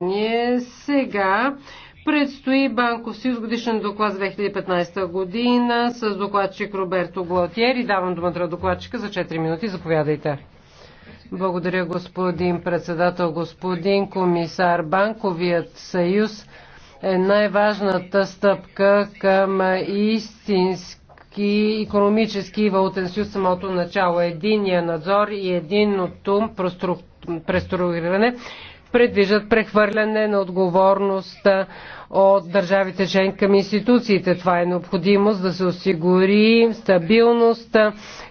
събрание. сега предстои Банков съюз годишен доклад за 2015 година с докладчик Роберто Глотиер и давам думата на докладчика за 4 минути. Заповядайте. Благодаря господин председател, господин комисар. Банковият съюз е най-важната стъпка към истински и економически и валутен съюз самото начало. Единия надзор и единното преструктуриране предвиждат прехвърляне на отговорност от държавите член към институциите. Това е необходимост да се осигури стабилност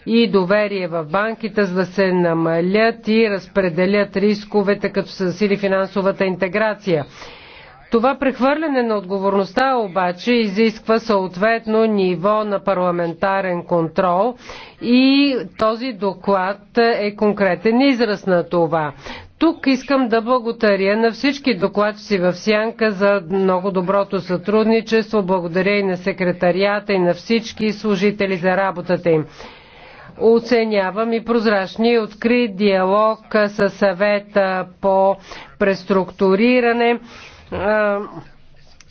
и доверие в банките, за да се намалят и разпределят рисковете, като се засили финансовата интеграция. Това прехвърляне на отговорността обаче изисква съответно ниво на парламентарен контрол и този доклад е конкретен израз на това. Тук искам да благодаря на всички докладчици в Сянка за много доброто сътрудничество. Благодаря и на секретарията и на всички служители за работата им. Оценявам и прозрачни и открит диалог със съвета по преструктуриране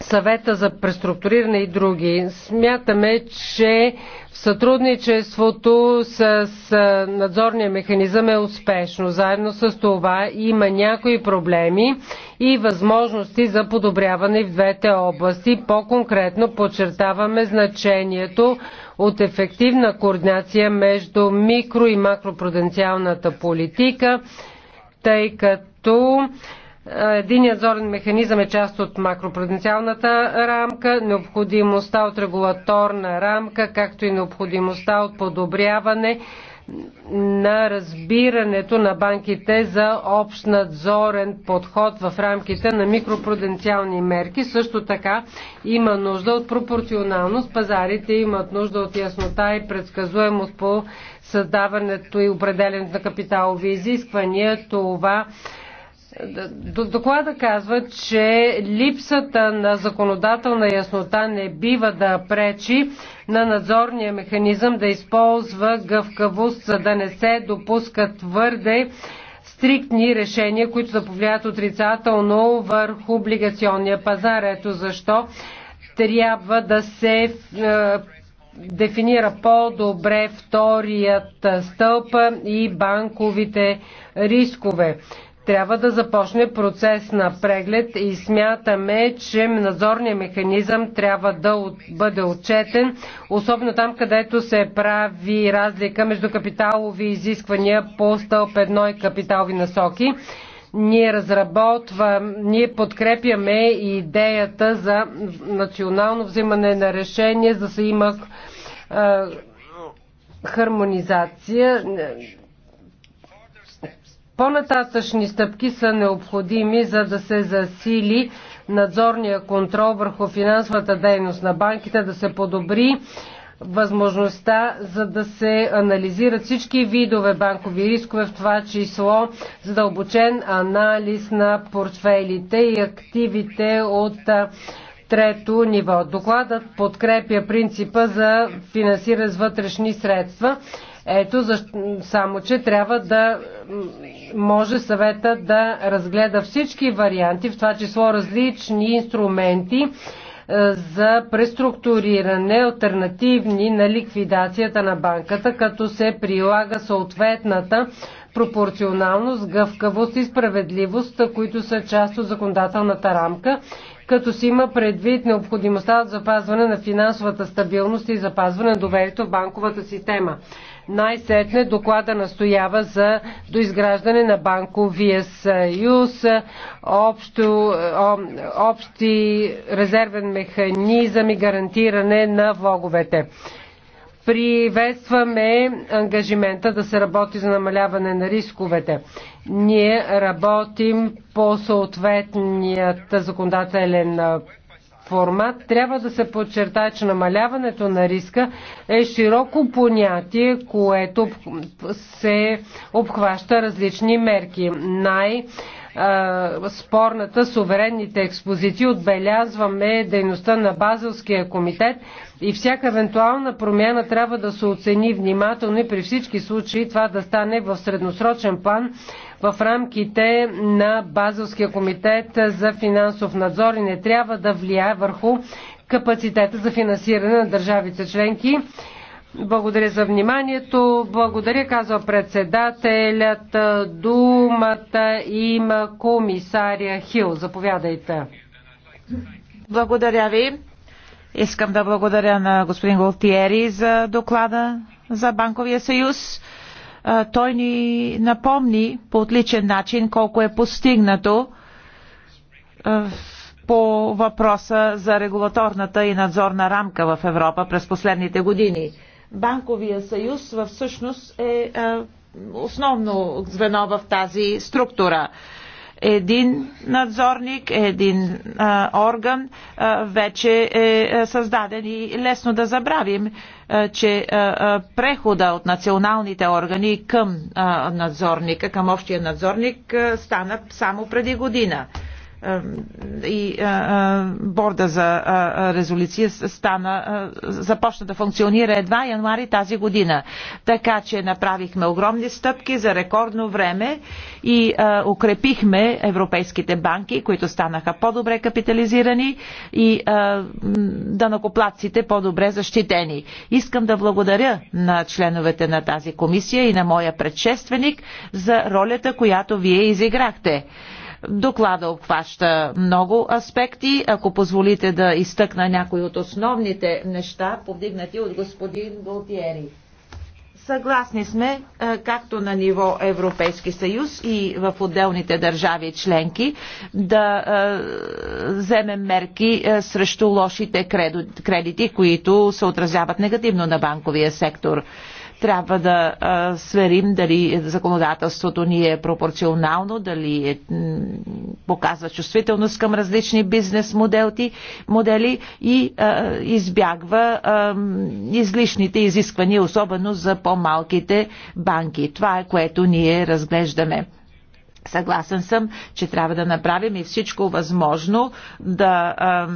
съвета за преструктуриране и други. Смятаме, че сътрудничеството с надзорния механизъм е успешно. Заедно с това има някои проблеми и възможности за подобряване в двете области. По-конкретно подчертаваме значението от ефективна координация между микро и макропруденциалната политика, тъй като Единият зорен механизъм е част от макропруденциалната рамка, необходимостта от регулаторна рамка, както и необходимостта от подобряване на разбирането на банките за общ надзорен подход в рамките на микропруденциални мерки. Също така има нужда от пропорционалност. Пазарите имат нужда от яснота и предсказуемост по създаването и определенето на капиталови изисквания. Това Доклада казва, че липсата на законодателна яснота не бива да пречи на надзорния механизъм да използва гъвкавост, за да не се допускат твърде стриктни решения, които да повлияят отрицателно върху облигационния пазар. Ето защо трябва да се е, дефинира по-добре вторият стълб и банковите рискове трябва да започне процес на преглед и смятаме, че надзорният механизъм трябва да бъде отчетен, особено там, където се прави разлика между капиталови изисквания по стълб 1 и капиталови насоки. Ние разработваме, ние подкрепяме идеята за национално взимане на решение, за да се има хармонизация по-нататъчни стъпки са необходими, за да се засили надзорния контрол върху финансовата дейност на банките, да се подобри възможността за да се анализират всички видове банкови рискове, в това число задълбочен анализ на портфейлите и активите от трето ниво. Докладът подкрепя принципа за финансиране с вътрешни средства ето, защо, само че трябва да може съвета да разгледа всички варианти, в това число различни инструменти е, за преструктуриране, альтернативни на ликвидацията на банката, като се прилага съответната пропорционалност, гъвкавост и справедливост, които са част от законодателната рамка, като си има предвид необходимостта от запазване на финансовата стабилност и запазване на доверието в банковата система. Най-сетне доклада настоява за доизграждане на банковия съюз, общо, общи резервен механизъм и гарантиране на влоговете. Приветстваме ангажимента да се работи за намаляване на рисковете. Ние работим по съответният законодателен формат, трябва да се подчертае, че намаляването на риска е широко понятие, което се обхваща различни мерки. Най- спорната суверенните експозиции. Отбелязваме дейността на Базелския комитет и всяка евентуална промяна трябва да се оцени внимателно и при всички случаи това да стане в средносрочен план в рамките на Базовския комитет за финансов надзор и не трябва да влияе върху капацитета за финансиране на държавите членки. Благодаря за вниманието. Благодаря, казва председателят. Думата има комисаря Хил. Заповядайте. Благодаря ви. Искам да благодаря на господин Голтиери за доклада за Банковия съюз. Той ни напомни по отличен начин колко е постигнато по въпроса за регулаторната и надзорна рамка в Европа през последните години. Банковия съюз всъщност е основно звено в тази структура един надзорник, един а, орган а, вече е, е създаден и лесно да забравим, а, че а, а, прехода от националните органи към а, надзорника, към общия надзорник а, стана само преди година и борда за резолюция стана, започна да функционира едва януари тази година. Така че направихме огромни стъпки за рекордно време и укрепихме европейските банки, които станаха по-добре капитализирани и данокоплаците по-добре защитени. Искам да благодаря на членовете на тази комисия и на моя предшественик за ролята, която вие изиграхте. Доклада обхваща много аспекти. Ако позволите да изтъкна някои от основните неща, повдигнати от господин Голтиери. Съгласни сме, е, както на ниво Европейски съюз и в отделните държави членки, да е, вземем мерки е, срещу лошите кредити, които се отразяват негативно на банковия сектор. Трябва да сверим дали законодателството ни е пропорционално, дали е, показва чувствителност към различни бизнес моделти, модели и а, избягва а, излишните изисквания, особено за по-малките банки. Това е което ние разглеждаме. Съгласен съм, че трябва да направим и всичко възможно да а,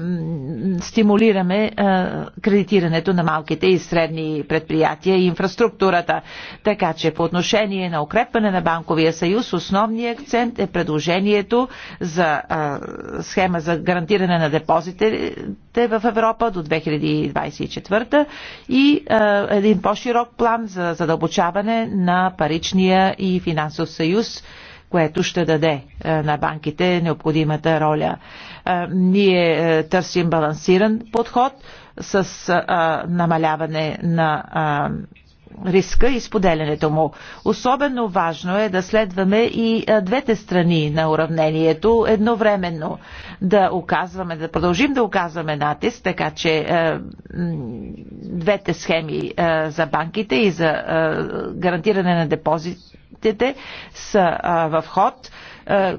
стимулираме а, кредитирането на малките и средни предприятия и инфраструктурата. Така че по отношение на укрепване на Банковия съюз, основният акцент е предложението за а, схема за гарантиране на депозитите в Европа до 2024 и а, един по-широк план за задълбочаване на паричния и финансов съюз което ще даде е, на банките необходимата роля. Е, ние е, търсим балансиран подход с намаляване на риска и споделянето му. Особено важно е да следваме и двете страни на уравнението едновременно. Да оказваме, да продължим да оказваме натиск, така че двете схеми за банките и за гарантиране на депозит Документите са в ход.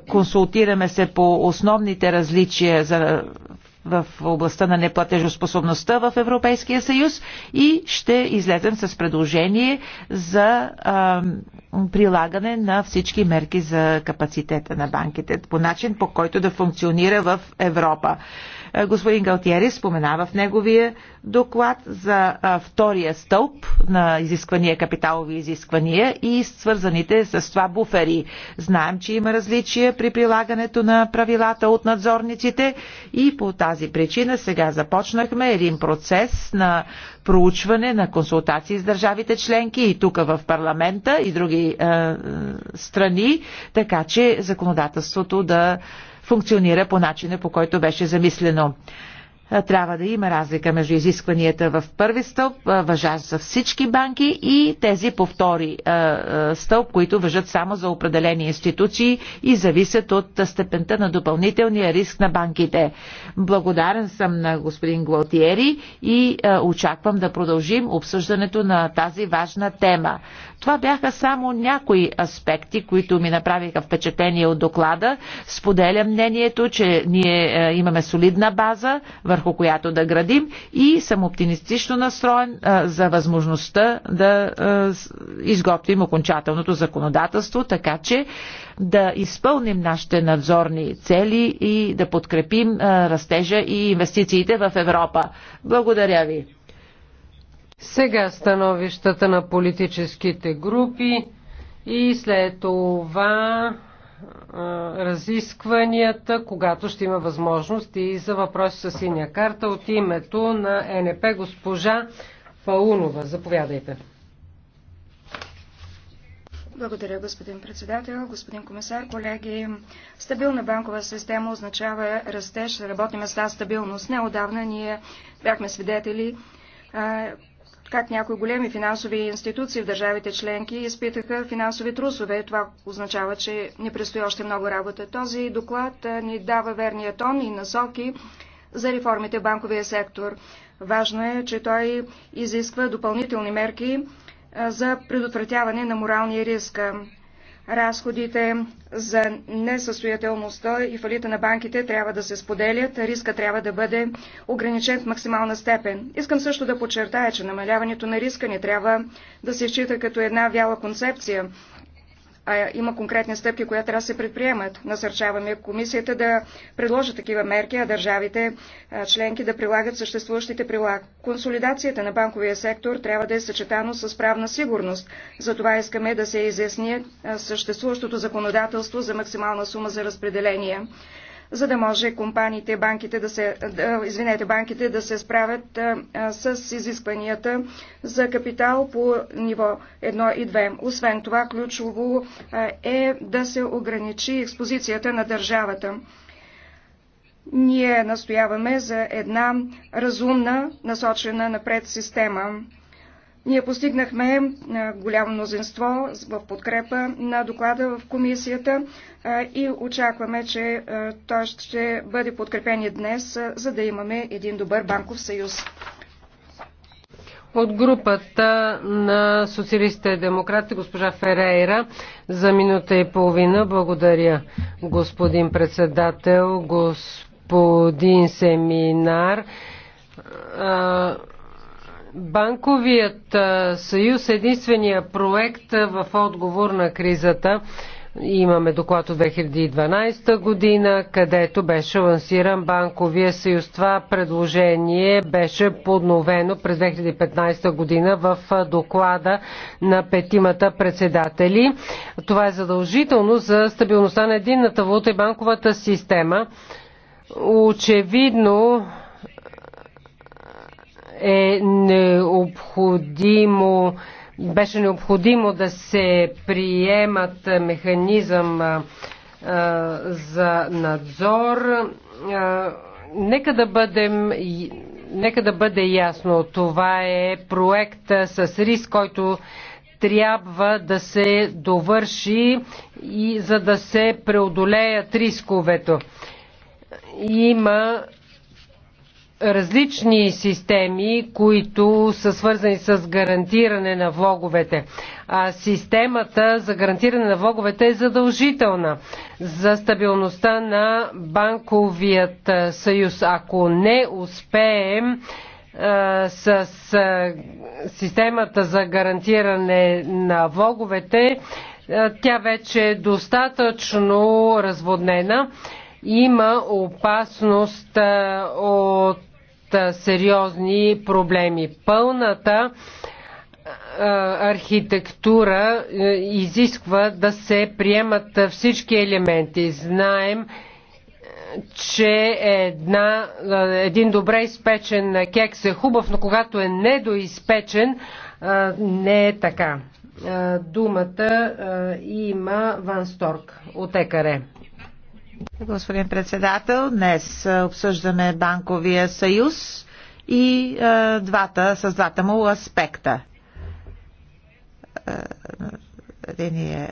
консултираме се по основните различия за в областта на неплатежоспособността в Европейския съюз и ще излезем с предложение за а, прилагане на всички мерки за капацитета на банките по начин, по който да функционира в Европа. Е, господин Галтиери споменава в неговия доклад за втория стълб на изисквания, капиталови изисквания и свързаните с това буфери. Знаем, че има различия при прилагането на правилата от надзорниците и по тази причина сега започнахме един процес на проучване, на консултации с държавите членки и тук в парламента и други е, е страни, така че законодателството да функционира по начина, по който беше замислено. Е, трябва да има разлика между изискванията в първи стълб, е, въжа за всички банки и тези по втори е, стълб, които въжат само за определени институции и зависят от степента на допълнителния риск на банките. Благодарен съм на господин Глотиери и очаквам да продължим обсъждането на тази важна тема. Това бяха само някои аспекти, които ми направиха впечатление от доклада. Споделя мнението, че ние е, имаме солидна база, върху която да градим и съм оптимистично настроен е, за възможността да е, изготвим окончателното законодателство, така че да изпълним нашите надзорни цели и да подкрепим растежа и инвестициите в Европа. Благодаря ви. Сега становищата на политическите групи и след това разискванията, когато ще има възможност и за въпроси с синя карта от името на НП госпожа Паунова. Заповядайте. Благодаря, господин председател, господин комисар, колеги. Стабилна банкова система означава растеж, работни места, стабилност. Неодавна ние бяхме свидетели как някои големи финансови институции в държавите членки изпитаха финансови трусове. Това означава, че не предстои още много работа. Този доклад ни дава верния тон и насоки за реформите в банковия сектор. Важно е, че той изисква допълнителни мерки за предотвратяване на моралния риск. Разходите за несъстоятелността и фалита на банките трябва да се споделят, риска трябва да бъде ограничен в максимална степен. Искам също да подчертая, че намаляването на риска не трябва да се счита като една вяла концепция, а, има конкретни стъпки, които трябва да се предприемат. Насърчаваме комисията да предложи такива мерки, а държавите а, членки да прилагат съществуващите прилаг. Консолидацията на банковия сектор трябва да е съчетано с правна сигурност. Затова искаме да се изясни съществуващото законодателство за максимална сума за разпределение за да може компаниите, банките да се, да, извинете, банките да се справят а, с изискванията за капитал по ниво 1 и 2. Освен това, ключово а, е да се ограничи експозицията на държавата. Ние настояваме за една разумна, насочена напред система. Ние постигнахме голямо мнозинство в подкрепа на доклада в комисията и очакваме, че той ще бъде подкрепен и днес, за да имаме един добър банков съюз. От групата на социалистите и демократите, госпожа Ферейра, за минута и половина. Благодаря, господин председател, господин семинар. Банковият съюз е единствения проект в отговор на кризата. Имаме доклад от 2012 година, където беше лансиран банковия съюз. Това предложение беше подновено през 2015 година в доклада на петимата председатели. Това е задължително за стабилността на единната валута и банковата система. Очевидно е необходимо, беше необходимо да се приемат механизъм а, за надзор. А, нека да бъдем нека да бъде ясно, това е проект с риск, който трябва да се довърши и за да се преодолеят рисковето. Има различни системи, които са свързани с гарантиране на влоговете. А системата за гарантиране на влоговете е задължителна за стабилността на банковият съюз. Ако не успеем с системата за гарантиране на влоговете, тя вече е достатъчно разводнена има опасност от сериозни проблеми. Пълната архитектура изисква да се приемат всички елементи. Знаем, че една, един добре изпечен кекс е хубав, но когато е недоизпечен, не е така. Думата има Ван Сторг от ЕКАРЕ. Господин председател, днес обсъждаме банковия съюз и е, двата, с двата му аспекта. Един е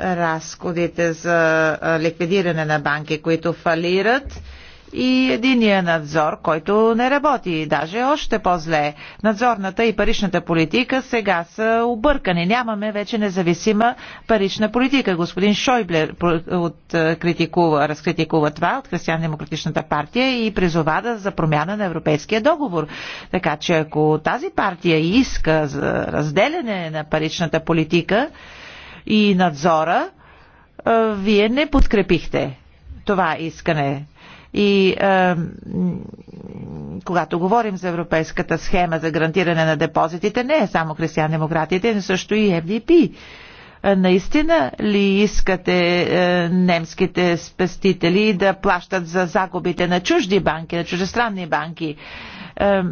разходите за ликвидиране на банки, които фалират и единия надзор, който не работи. Даже още по-зле. Надзорната и паричната политика сега са объркани. Нямаме вече независима парична политика. Господин Шойблер от, е, критикува, разкритикува това от Християн-демократичната партия и призова да за промяна на европейския договор. Така че ако тази партия иска за разделяне на паричната политика и надзора, е, вие не подкрепихте това искане. И е, когато говорим за европейската схема за гарантиране на депозитите, не е само християн-демократите, но също и FDP. Е, наистина ли искате е, немските спестители да плащат за загубите на чужди банки, на чужестранни банки? Е,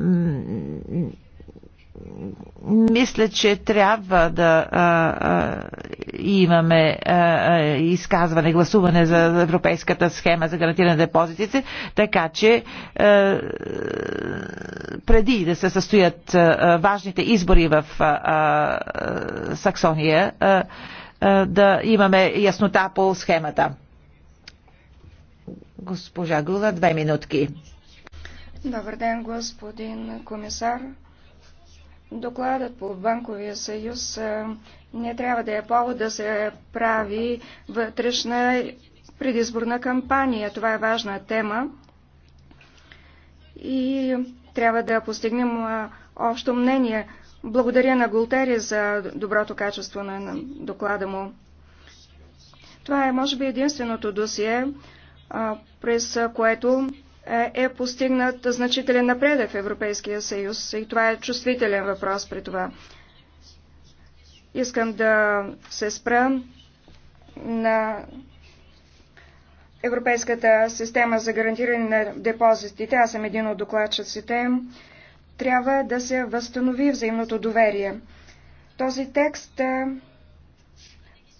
мисля, че трябва да а, а, имаме а, изказване, гласуване за европейската схема за гарантиране на депозитите, така че а, преди да се състоят а, важните избори в а, а, Саксония, а, а, да имаме яснота по схемата. Госпожа Гула, две минутки. Добър ден, господин комисар. Докладът по Банковия съюз не трябва да е повод да се прави вътрешна предизборна кампания. Това е важна тема и трябва да постигнем общо мнение. Благодаря на Голтери за доброто качество на доклада му. Това е, може би, единственото досие, през което е постигнат значителен напредък в Европейския съюз и това е чувствителен въпрос при това. Искам да се спра на Европейската система за гарантиране на депозитите. Аз съм един от докладчиците. Трябва да се възстанови взаимното доверие. Този текст, е,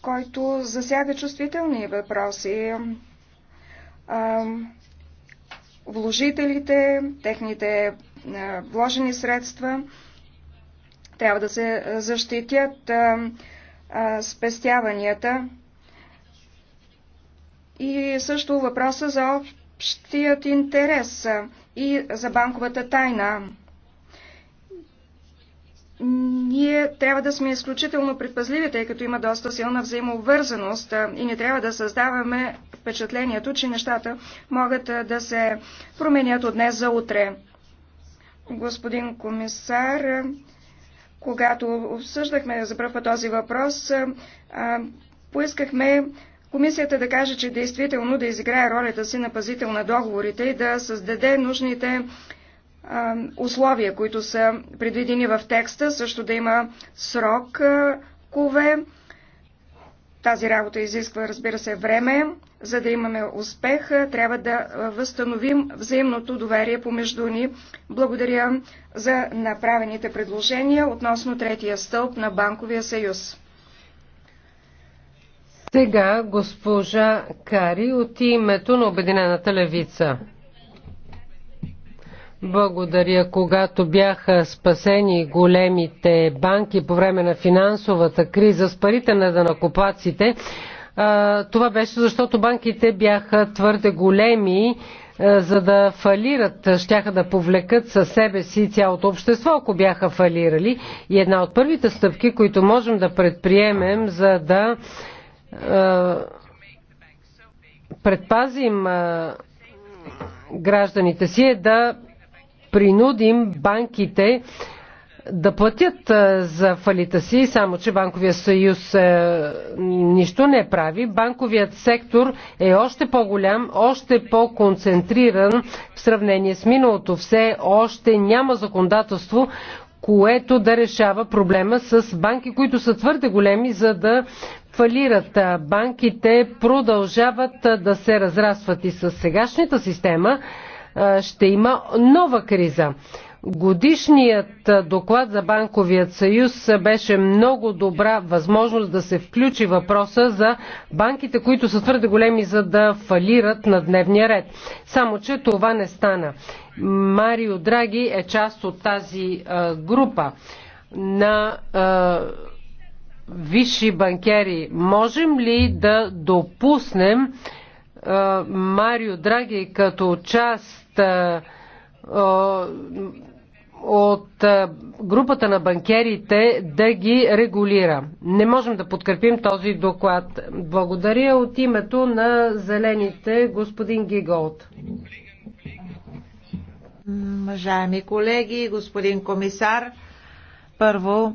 който засяга чувствителни въпроси, е, вложителите, техните вложени средства. Трябва да се защитят спестяванията. И също въпроса за общият интерес и за банковата тайна ние трябва да сме изключително предпазливи, тъй като има доста силна взаимовързаност и не трябва да създаваме впечатлението, че нещата могат да се променят от днес за утре. Господин комисар, когато обсъждахме за първ този въпрос, поискахме комисията да каже, че действително да изиграе ролята си на пазител на договорите и да създаде нужните условия, които са предвидени в текста, също да има срок, кове. Тази работа изисква, разбира се, време. За да имаме успех, трябва да възстановим взаимното доверие помежду ни. Благодаря за направените предложения относно третия стълб на Банковия съюз. Сега госпожа Кари от името на Обединената левица. Благодаря. Когато бяха спасени големите банки по време на финансовата криза с парите на данакопаците, това беше защото банките бяха твърде големи, за да фалират, щяха да повлекат със себе си цялото общество, ако бяха фалирали. И една от първите стъпки, които можем да предприемем, за да предпазим гражданите си е да принудим банките да платят за фалита си, само че Банковия съюз нищо не прави. Банковият сектор е още по-голям, още по-концентриран в сравнение с миналото. Все още няма законодателство, което да решава проблема с банки, които са твърде големи, за да фалират. Банките продължават да се разрастват и с сегашната система е, ще има нова криза. Годишният е, доклад за Банковият съюз е, беше много добра възможност да се включи въпроса за банките, които са твърде големи за да фалират на дневния ред. Само, че това не стана. Марио Драги е част от тази група на висши банкери. Можем ли да допуснем Марио Драги като част от групата на банкерите да ги регулира. Не можем да подкрепим този доклад. Благодаря от името на зелените господин Гиголт. Уважаеми колеги, господин комисар, първо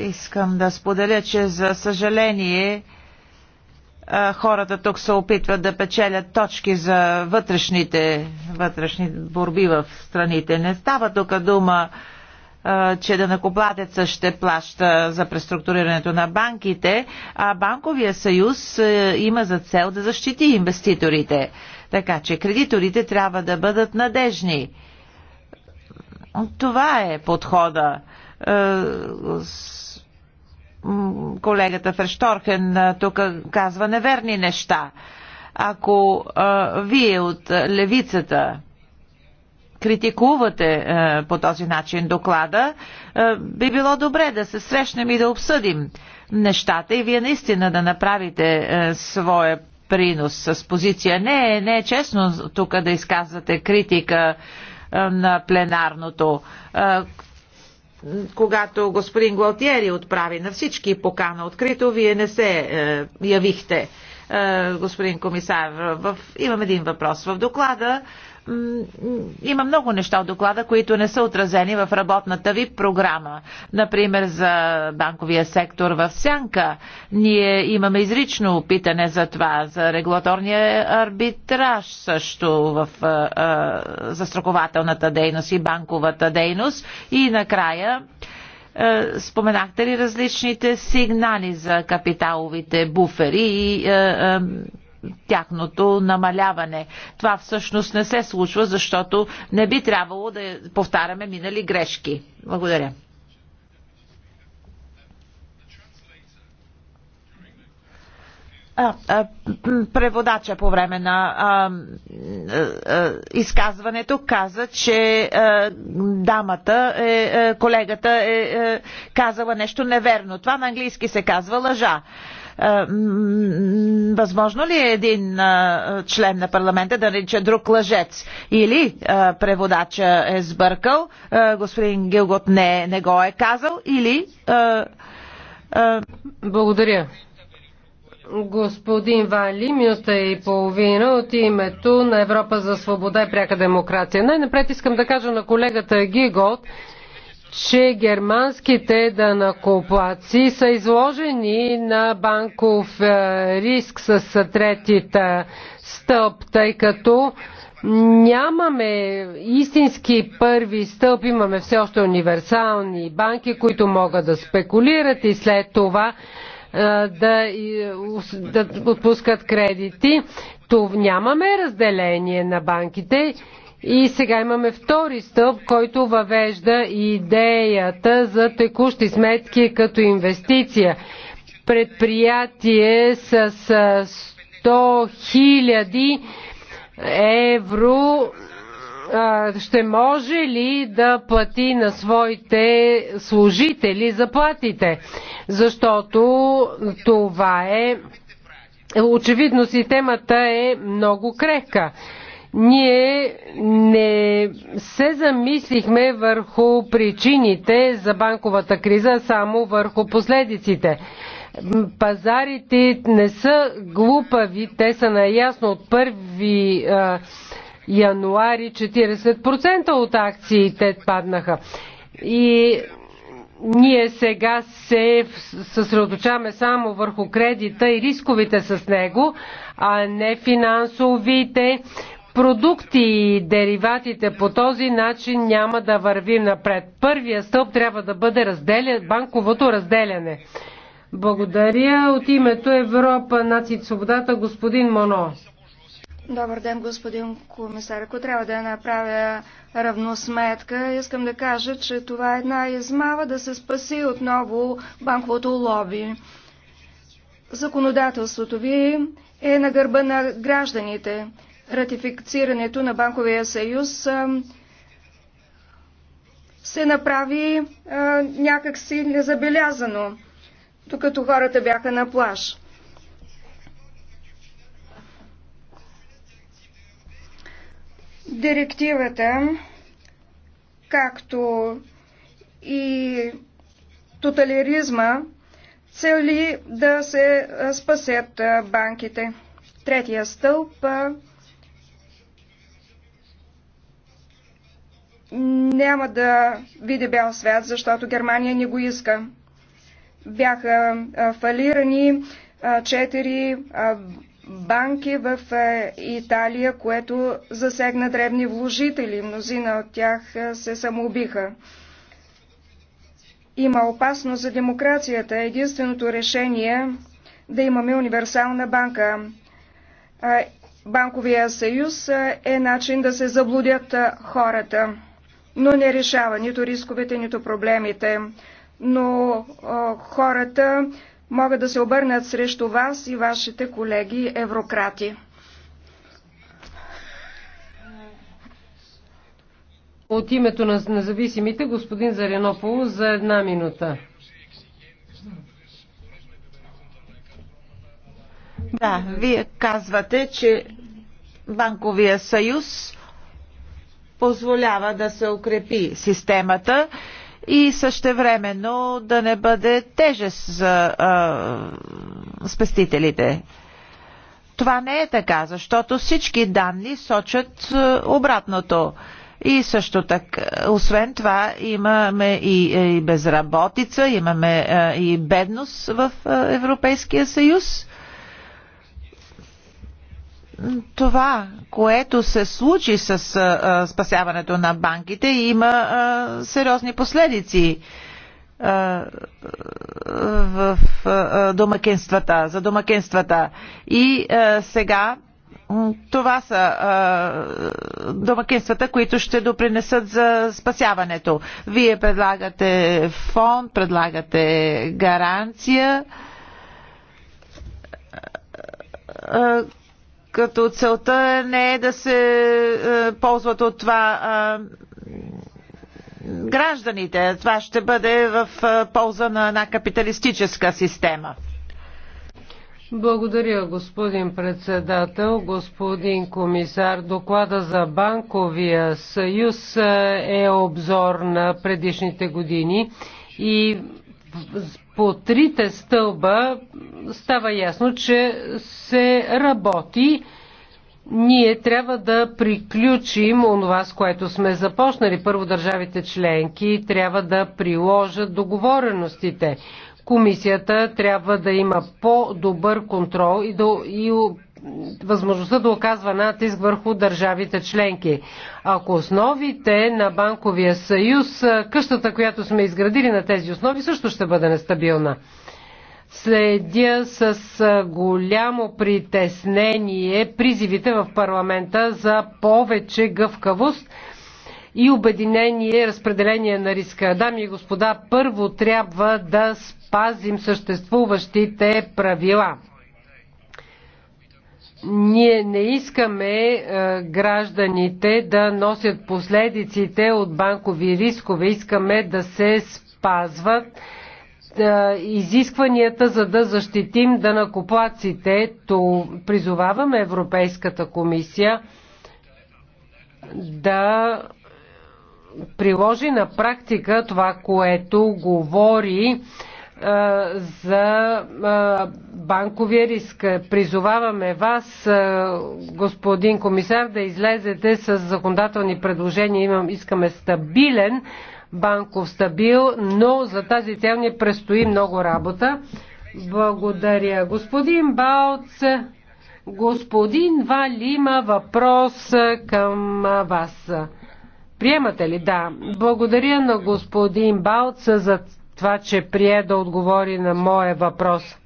искам да споделя, че за съжаление хората тук се опитват да печелят точки за вътрешните, вътрешни борби в страните. Не става тук дума, че данакоплатеца ще плаща за преструктурирането на банките, а Банковия съюз има за цел да защити инвеститорите. Така че кредиторите трябва да бъдат надежни. Това е подхода колегата Фрешторхен тук казва неверни неща. Ако а, вие от левицата критикувате а, по този начин доклада, а, би било добре да се срещнем и да обсъдим нещата и вие наистина да направите а, своя принос с позиция. Не, не е честно тук да изказвате критика на пленарното когато господин Глотиери отправи на всички покана открито, вие не се е, явихте, е, господин комисар. В... Имам един въпрос. В доклада има много неща от доклада, които не са отразени в работната ви програма. Например, за банковия сектор в Сянка. Ние имаме изрично питане за това, за регулаторния арбитраж също в застрахователната дейност и банковата дейност. И накрая споменахте ли различните сигнали за капиталовите буфери и тяхното намаляване. Това всъщност не се случва, защото не би трябвало да повтаряме минали грешки. Благодаря. А, а, преводача по време на а, изказването каза, че дамата, е, е, колегата е, е казала нещо неверно. Това на английски се казва лъжа. Е, възможно ли е един е, член на парламента да нарича друг лъжец? Или е, преводача е сбъркал, господин Гилгот не, не го е казал, или... Благодаря. Господин Вали, минута и половина от името на Европа за свобода и пряка демокрация. Най-напред искам да кажа на колегата Гигот, че германските данакоплаци са изложени на банков е, риск с е, третите стълб, тъй като нямаме истински първи стълб, имаме все още универсални банки, които могат да спекулират и след това е, да, да отпускат кредити. То нямаме разделение на банките и сега имаме втори стълб, който въвежда идеята за текущи сметки като инвестиция. Предприятие с 100 000 евро ще може ли да плати на своите служители заплатите? Защото това е. Очевидно системата е много крехка. Ние не се замислихме върху причините за банковата криза, само върху последиците. Пазарите не са глупави, те са наясно от първи януари 40% от акциите паднаха. И ние сега се съсредоточаваме само върху кредита и рисковите с него, а не финансовите продукти и дериватите. По този начин няма да вървим напред. Първия стълб трябва да бъде разделя, банковото разделяне. Благодаря. От името Европа, наци свободата, господин Моно. Добър ден, господин комисар. Ако трябва да направя равносметка, искам да кажа, че това е една измава да се спаси отново банковото лоби. Законодателството ви е на гърба на гражданите ратифицирането на Банковия съюз се направи някакси незабелязано, докато хората бяха на плаж. Директивата, както и тоталеризма, цели да се спасят банките. Третия стълб няма да види бял свят, защото Германия не го иска. Бяха фалирани четири банки в Италия, което засегна древни вложители. Мнозина от тях се самоубиха. Има опасност за демокрацията. Единственото решение е да имаме универсална банка. Банковия съюз е начин да се заблудят хората но не решава нито рисковете, нито проблемите. Но а, хората могат да се обърнат срещу вас и вашите колеги еврократи. От името на независимите, господин Заренопол, за една минута. Да, вие казвате, че Банковия съюз позволява да се укрепи системата и същевременно да не бъде тежест за а, спестителите. Това не е така, защото всички данни сочат обратното. И също така, освен това, имаме и, е, и безработица, имаме е, и бедност в е, Европейския съюз това, което се случи с спасяването на банките, има сериозни последици в домакинствата, за домакинствата. И сега това са а, домакинствата, които ще допринесат за спасяването. Вие предлагате фонд, предлагате гаранция. А, като целта не е да се е, ползват от това е, гражданите. Това ще бъде в е, полза на една капиталистическа система. Благодаря, господин председател, господин комисар. Доклада за Банковия съюз е обзор на предишните години и по трите стълба става ясно, че се работи. Ние трябва да приключим онова, с което сме започнали. Първо държавите членки трябва да приложат договореностите. Комисията трябва да има по-добър контрол и, да, и възможността да оказва натиск върху държавите членки. Ако основите на банковия съюз, къщата, която сме изградили на тези основи, също ще бъде нестабилна. Следя с голямо притеснение призивите в парламента за повече гъвкавост и обединение, разпределение на риска. Дами и господа, първо трябва да спазим съществуващите правила. Ние не искаме е, гражданите да носят последиците от банкови рискове. Искаме да се спазват е, изискванията, за да защитим данакоплаците. То призоваваме Европейската комисия да приложи на практика това, което говори за банковия риск. Призоваваме вас, господин комисар, да излезете с законодателни предложения. Имам, искаме стабилен банков стабил, но за тази цел ни предстои много работа. Благодаря. Господин Балц, господин Вали има въпрос към вас. Приемате ли? Да. Благодаря на господин Балца за това, че прие да отговори на моя въпрос.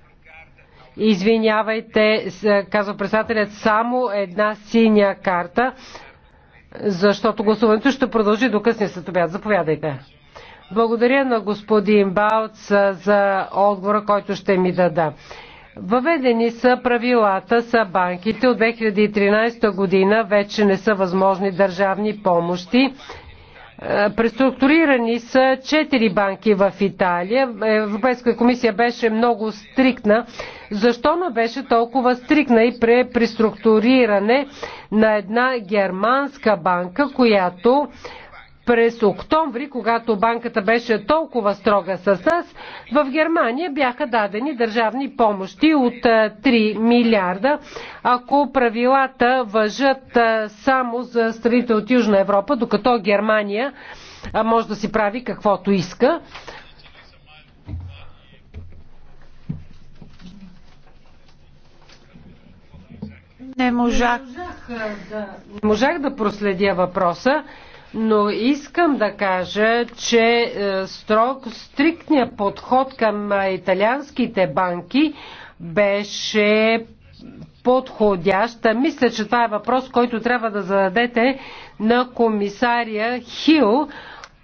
Извинявайте, казва председателят, само една синя карта, защото гласуването ще продължи до късния след обяд. Заповядайте. Благодаря на господин Бауц за отговора, който ще ми дада. Въведени са правилата, са банките от 2013 година вече не са възможни държавни помощи е, преструктурирани са четири банки в Италия. Европейска комисия беше много стриктна. Защо не беше толкова стрикна и при преструктуриране на една германска банка, която през октомври, когато банката беше толкова строга с нас, в Германия бяха дадени държавни помощи от 3 милиарда. Ако правилата въжат само за страните от Южна Европа, докато Германия може да си прави каквото иска. Не можах. Не можах да, не можах да проследя въпроса но искам да кажа, че е, строг, стриктният подход към е, италианските банки беше подходяща. Мисля, че това е въпрос, който трябва да зададете на комисария Хил,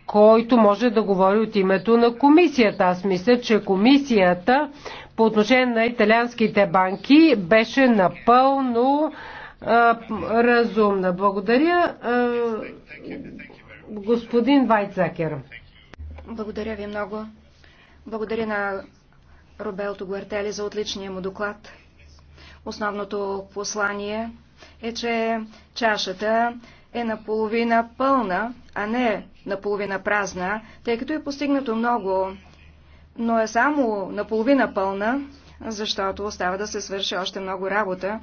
който може да говори от името на комисията. Аз мисля, че комисията по отношение на италианските банки беше напълно разумна. Благодаря, господин Вайтзакер. Благодаря ви много. Благодаря на Робелто Гуартели за отличния му доклад. Основното послание е, че чашата е наполовина пълна, а не наполовина празна, тъй като е постигнато много, но е само наполовина пълна, защото остава да се свърши още много работа,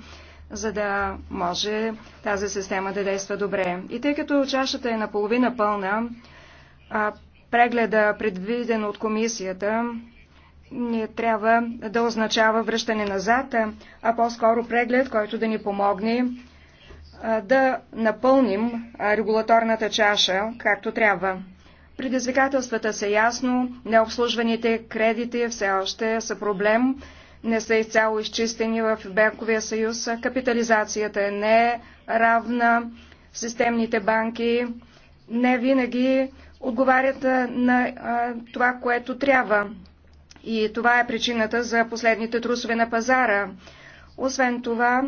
за да може тази система да действа добре. И тъй като чашата е наполовина пълна, а прегледа, предвиден от комисията, не трябва да означава връщане назад, а по-скоро преглед, който да ни помогне да напълним регулаторната чаша както трябва. Предизвикателствата са ясно, необслужваните кредити все още са проблем, не са изцяло изчистени в Банковия съюз, капитализацията не е равна, системните банки не винаги отговарят на това, което трябва. И това е причината за последните трусове на пазара. Освен това,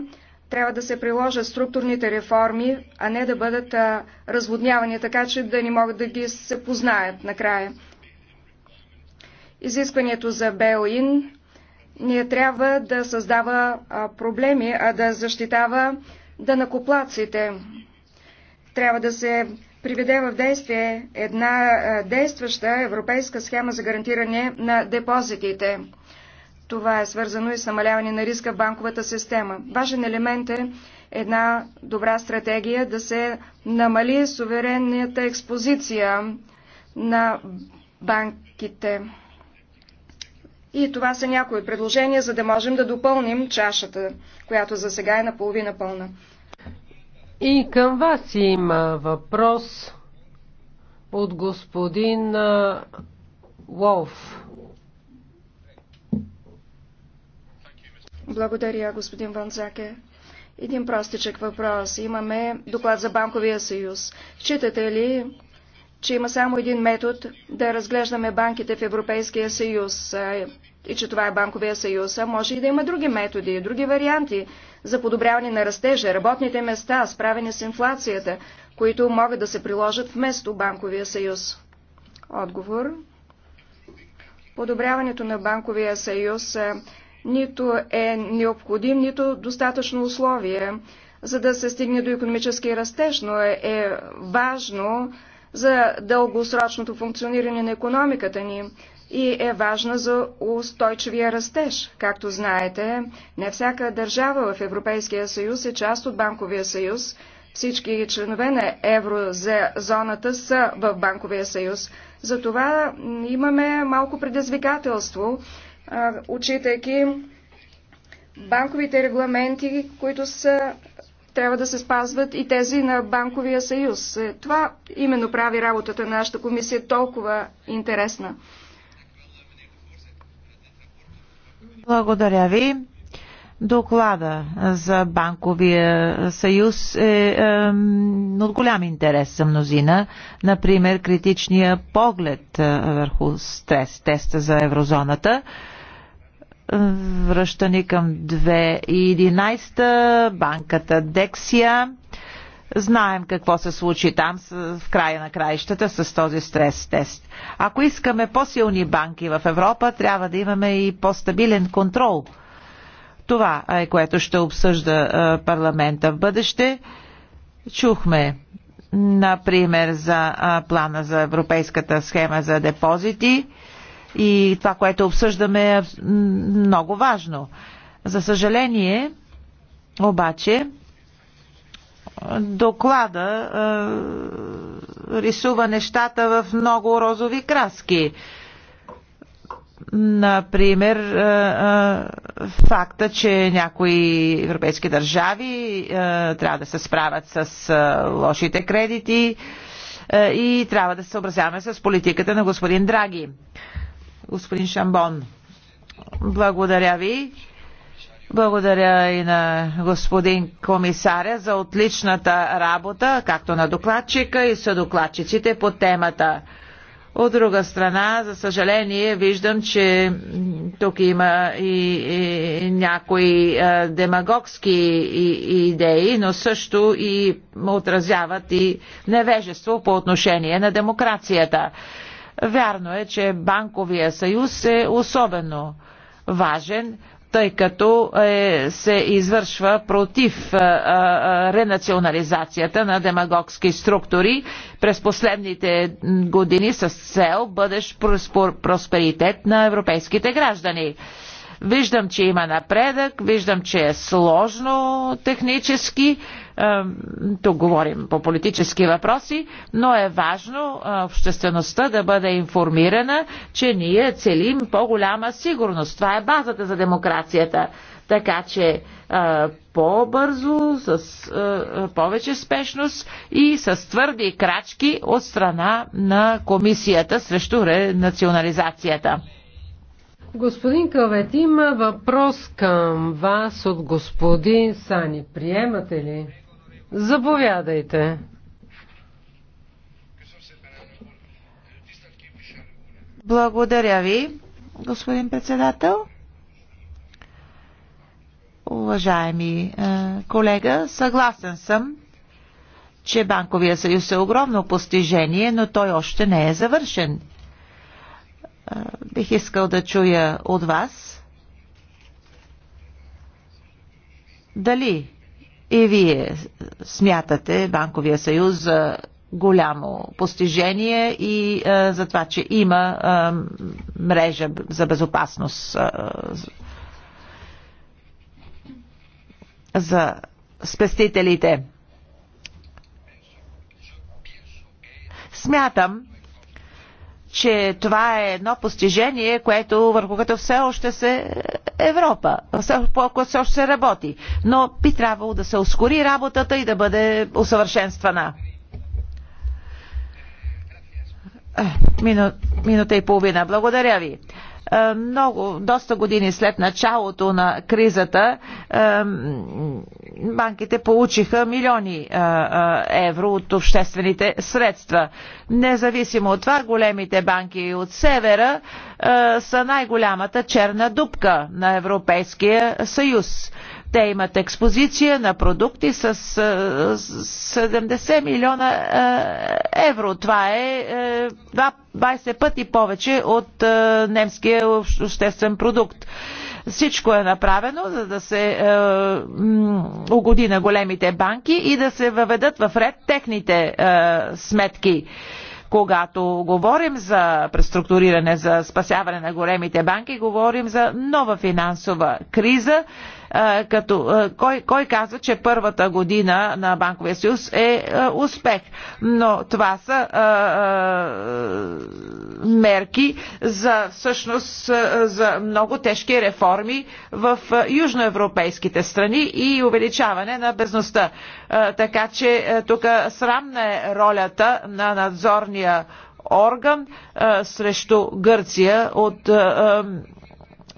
трябва да се приложат структурните реформи, а не да бъдат а, разводнявани, така че да не могат да ги се познаят накрая. Изискването за Белин не трябва да създава проблеми, а да защитава данакоплаците. Трябва да се приведе в действие една действаща европейска схема за гарантиране на депозитите. Това е свързано и с намаляване на риска в банковата система. Важен елемент е една добра стратегия да се намали суверенната експозиция на банките. И това са някои предложения, за да можем да допълним чашата, която за сега е наполовина пълна. И към вас има въпрос от господин Волф. Благодаря, господин Ванзаке. Един простичък въпрос. Имаме доклад за Банковия съюз. Считате ли, че има само един метод да разглеждаме банките в Европейския съюз и че това е банковия съюз, а може и да има други методи, други варианти за подобряване на растежа, работните места, справени с инфлацията, които могат да се приложат вместо банковия съюз. Отговор. Подобряването на банковия съюз нито е необходим, нито достатъчно условие, за да се стигне до економически растеж, но е, е важно за дългосрочното функциониране на економиката ни и е важна за устойчивия растеж. Както знаете, не всяка държава в Европейския съюз е част от Банковия съюз. Всички членове на еврозоната са в Банковия съюз. Затова имаме малко предизвикателство, отчитайки банковите регламенти, които са трябва да се спазват и тези на Банковия съюз. Е, това именно прави работата на нашата комисия толкова интересна. Благодаря ви. Доклада за Банковия съюз е, е от голям интерес за мнозина. Например, критичния поглед е, върху стрес теста за еврозоната връщани към 2011 банката Дексия. Знаем какво се случи там в края на краищата с този стрес тест. Ако искаме по-силни банки в Европа, трябва да имаме и по-стабилен контрол. Това е което ще обсъжда парламента в бъдеще. Чухме, например, за плана за европейската схема за депозити и това, което обсъждаме е много важно. За съжаление, обаче, доклада е, рисува нещата в много розови краски. Например, е, е, факта, че някои европейски държави е, трябва да се справят с лошите кредити и трябва да се съобразяваме с политиката на господин Драги господин Шамбон. Благодаря ви. Благодаря и на господин комисаря за отличната работа, както на докладчика и съдокладчиците по темата. От друга страна, за съжаление, виждам, че тук има и, и някои а, демагогски и, и идеи, но също и отразяват и невежество по отношение на демокрацията. Вярно е, че банковия съюз е особено важен, тъй като е, се извършва против а, е, а, е, ренационализацията на демагогски структури през последните години с цел бъдещ просперитет на европейските граждани. Виждам, че има напредък, виждам, че е сложно технически, тук говорим по политически въпроси, но е важно обществеността да бъде информирана, че ние целим по-голяма сигурност. Това е базата за демокрацията. Така че по-бързо, с повече спешност и с твърди крачки от страна на комисията срещу ренационализацията. Господин Кавет, има въпрос към вас от господин Сани. Приемате ли? Заповядайте. Благодаря ви, господин председател. Уважаеми е, колега, съгласен съм, че Банковия съюз е огромно постижение, но той още не е завършен. Е, бих искал да чуя от вас дали и вие смятате Банковия съюз за голямо постижение и а, е, за това, че има а, е, мрежа за безопасност а, е, за спестителите. Смятам, че това е едно постижение, което върху като все още се Европа, все, все още се работи. Но би трябвало да се ускори работата и да бъде усъвършенствана. Е, мину, минута и половина. Благодаря ви. Е, много, доста години след началото на кризата, е, банките получиха милиони е, евро от обществените средства. Независимо от това, големите банки от севера са най-голямата черна дупка на Европейския съюз. Те имат експозиция на продукти с 70 милиона е, евро. Това е 20 е, пъти повече от е, немския обществен продукт всичко е направено, за да се е, угоди на големите банки и да се въведат в ред техните е, сметки. Когато говорим за преструктуриране, за спасяване на големите банки, говорим за нова финансова криза, като кой, кой казва, че първата година на Банковия съюз е успех. Но това са мерки за всъщност за много тежки реформи в южноевропейските страни и увеличаване на безността. Така че тук срамна е ролята на надзорния орган срещу Гърция от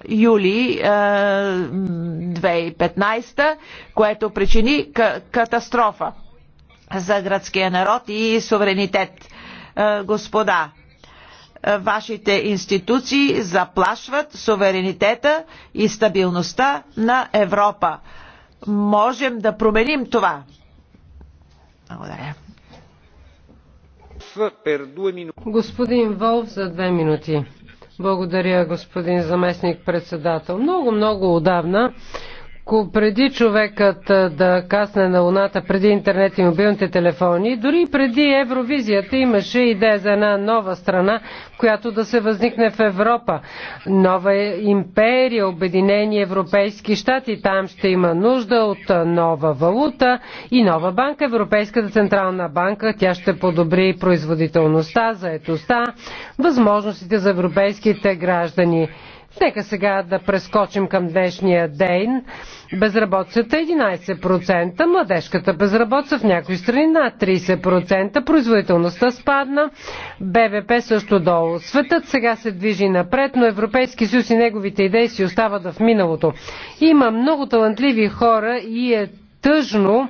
юли 2015, е, което причини катастрофа за градския народ и суверенитет. Е, господа, е, вашите институции заплашват суверенитета и стабилността на Европа. Можем да променим това. Благодаря. Господин Волф за две минути. Благодаря, господин заместник председател. Много, много отдавна ако преди човекът да касне на Луната, преди интернет и мобилните телефони, дори и преди Евровизията имаше идея за една нова страна, която да се възникне в Европа. Нова е империя, Обединени Европейски щати, там ще има нужда от нова валута и нова банка, Европейската Централна банка. Тя ще подобри производителността, заетостта, възможностите за европейските граждани. Нека сега да прескочим към днешния ден. Безработицата е 11%, младежката безработица в някои страни над 30%, производителността спадна, БВП също долу. Светът сега се движи напред, но Европейски съюз и неговите идеи си остават в миналото. Има много талантливи хора и е тъжно,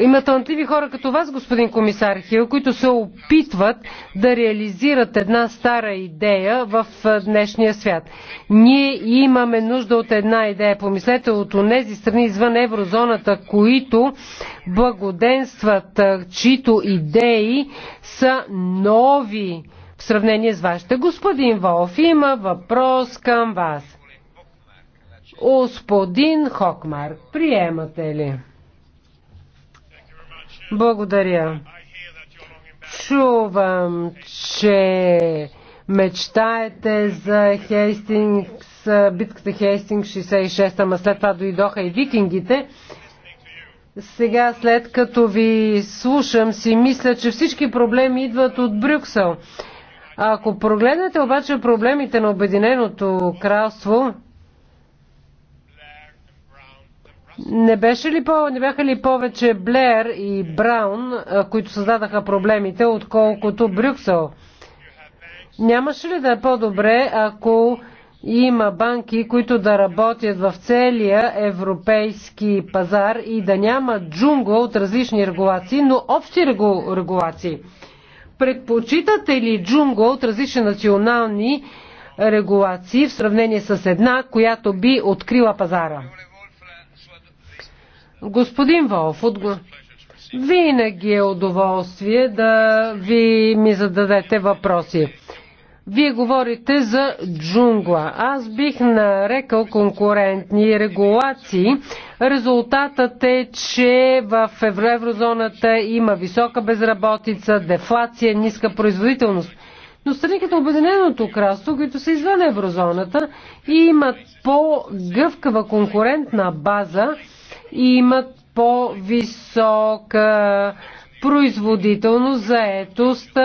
има талантливи хора като вас, господин комисар Хил, които се опитват да реализират една стара идея в днешния свят. Ние имаме нужда от една идея. Помислете от тези страни извън еврозоната, които благоденстват, чието идеи са нови в сравнение с вашите. Господин Волф, има въпрос към вас. Господин Хокмар, приемате ли? Благодаря. Чувам, че мечтаете за Хейстингс, битката Хейстинг 66, ама след това дойдоха и викингите. Сега, след като ви слушам, си мисля, че всички проблеми идват от Брюксел. Ако прогледнете обаче проблемите на Обединеното кралство, не, беше ли по, не бяха ли повече Блеер и Браун, които създадаха проблемите, отколкото Брюксел? Нямаше ли да е по-добре, ако има банки, които да работят в целия европейски пазар и да няма джунгла от различни регулации, но общи регу... регулации? Предпочитате ли джунгла от различни национални регулации в сравнение с една, която би открила пазара? Господин Волф, отго... винаги е удоволствие да ви ми зададете въпроси. Вие говорите за джунгла. Аз бих нарекал конкурентни регулации. Резултатът е, че в еврозоната има висока безработица, дефлация, ниска производителност. Но страни като Обединеното кралство, които са извън еврозоната и имат по-гъвкава конкурентна база, имат по-висока производителност, заетост,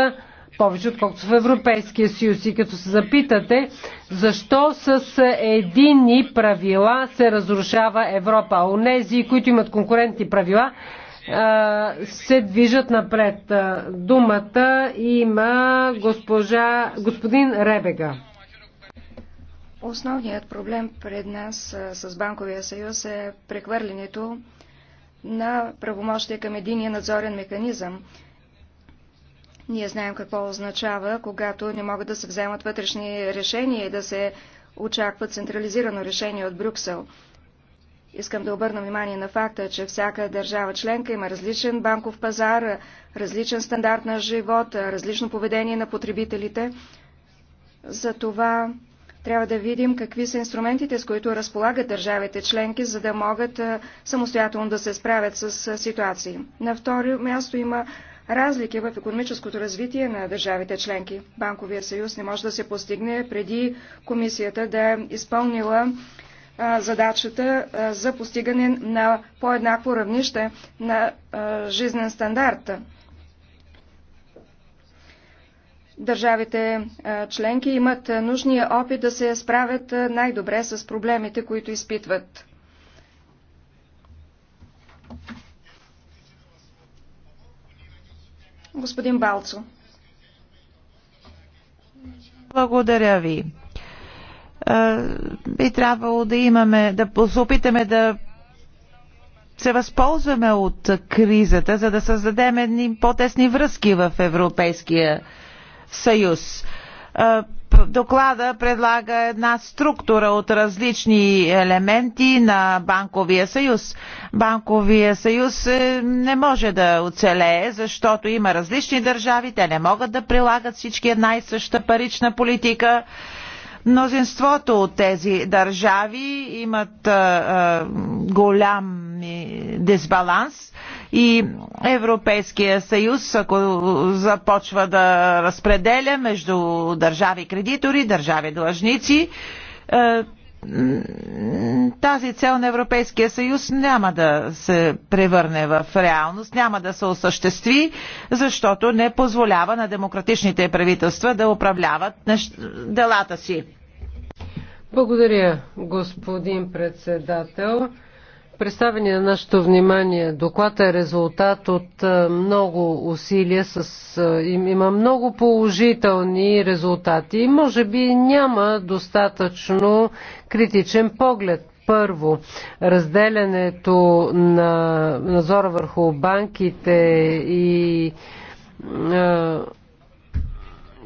повече отколкото в Европейския съюз. И като се запитате, защо с едини правила се разрушава Европа, а онези, които имат конкурентни правила, се движат напред. Думата има госпожа, господин Ребега. Основният проблем пред нас с Банковия съюз е прехвърлянето на правомощия към единия надзорен механизъм. Ние знаем какво означава, когато не могат да се вземат вътрешни решения и да се очаква централизирано решение от Брюксел. Искам да обърна внимание на факта, че всяка държава членка има различен банков пазар, различен стандарт на живот, различно поведение на потребителите. Затова трябва да видим какви са инструментите, с които разполагат държавите членки, за да могат самостоятелно да се справят с ситуации. На второ място има разлики в економическото развитие на държавите членки. Банковия съюз не може да се постигне преди комисията да е изпълнила задачата за постигане на по-еднакво равнище на жизнен стандарт. Държавите е, членки имат е, нужния опит да се справят е, най-добре с проблемите, които изпитват. Господин Балцо. Благодаря ви. Би трябвало да имаме, да се опитаме да се възползваме от кризата, за да създадем едни по-тесни връзки в Европейския съюз. Е, доклада предлага една структура от различни елементи на банковия съюз. Банковия съюз е, не може да оцелее, защото има различни държави, те не могат да прилагат всички една и съща парична политика. Мнозинството от тези държави имат а, е, а, голям дисбаланс. А, и Европейския съюз, ако започва да разпределя между държави кредитори, държави длъжници, е, тази цел на Европейския съюз няма да се превърне в реалност, няма да се осъществи, защото не позволява на демократичните правителства да управляват делата си. Благодаря, господин председател. Представени на нашето внимание доклад е резултат от е, много усилия, с, е, има много положителни резултати и може би няма достатъчно критичен поглед. Първо, разделянето на надзора върху банките и, е,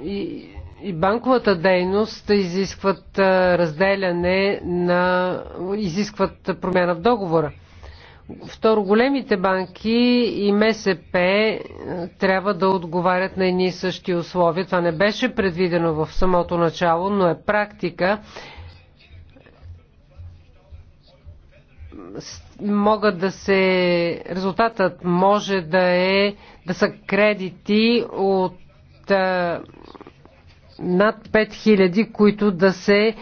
и и банковата дейност изискват разделяне на... изискват промяна в договора. Второ, големите банки и МСП трябва да отговарят на едни и същи условия. Това не беше предвидено в самото начало, но е практика. Могат да се... Резултатът може да е да са кредити от над 5000, които да се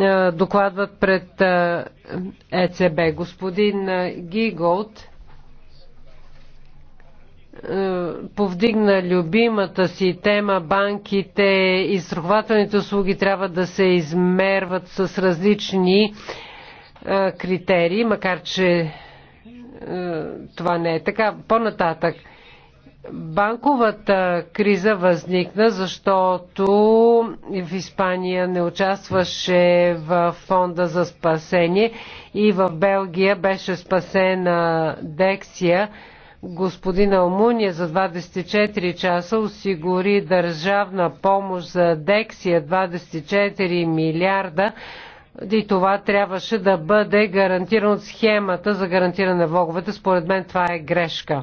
е, докладват пред ЕЦБ. Господин е, Гиголд е, повдигна любимата си тема банките и страхователните услуги трябва да се измерват с различни критерии, макар че това не е така. По-нататък Банковата криза възникна, защото в Испания не участваше в фонда за спасение и в Белгия беше спасена Дексия. Господин Алмуния за 24 часа осигури държавна помощ за Дексия 24 милиарда и това трябваше да бъде гарантирано от схемата за гарантиране на влоговете. Според мен това е грешка.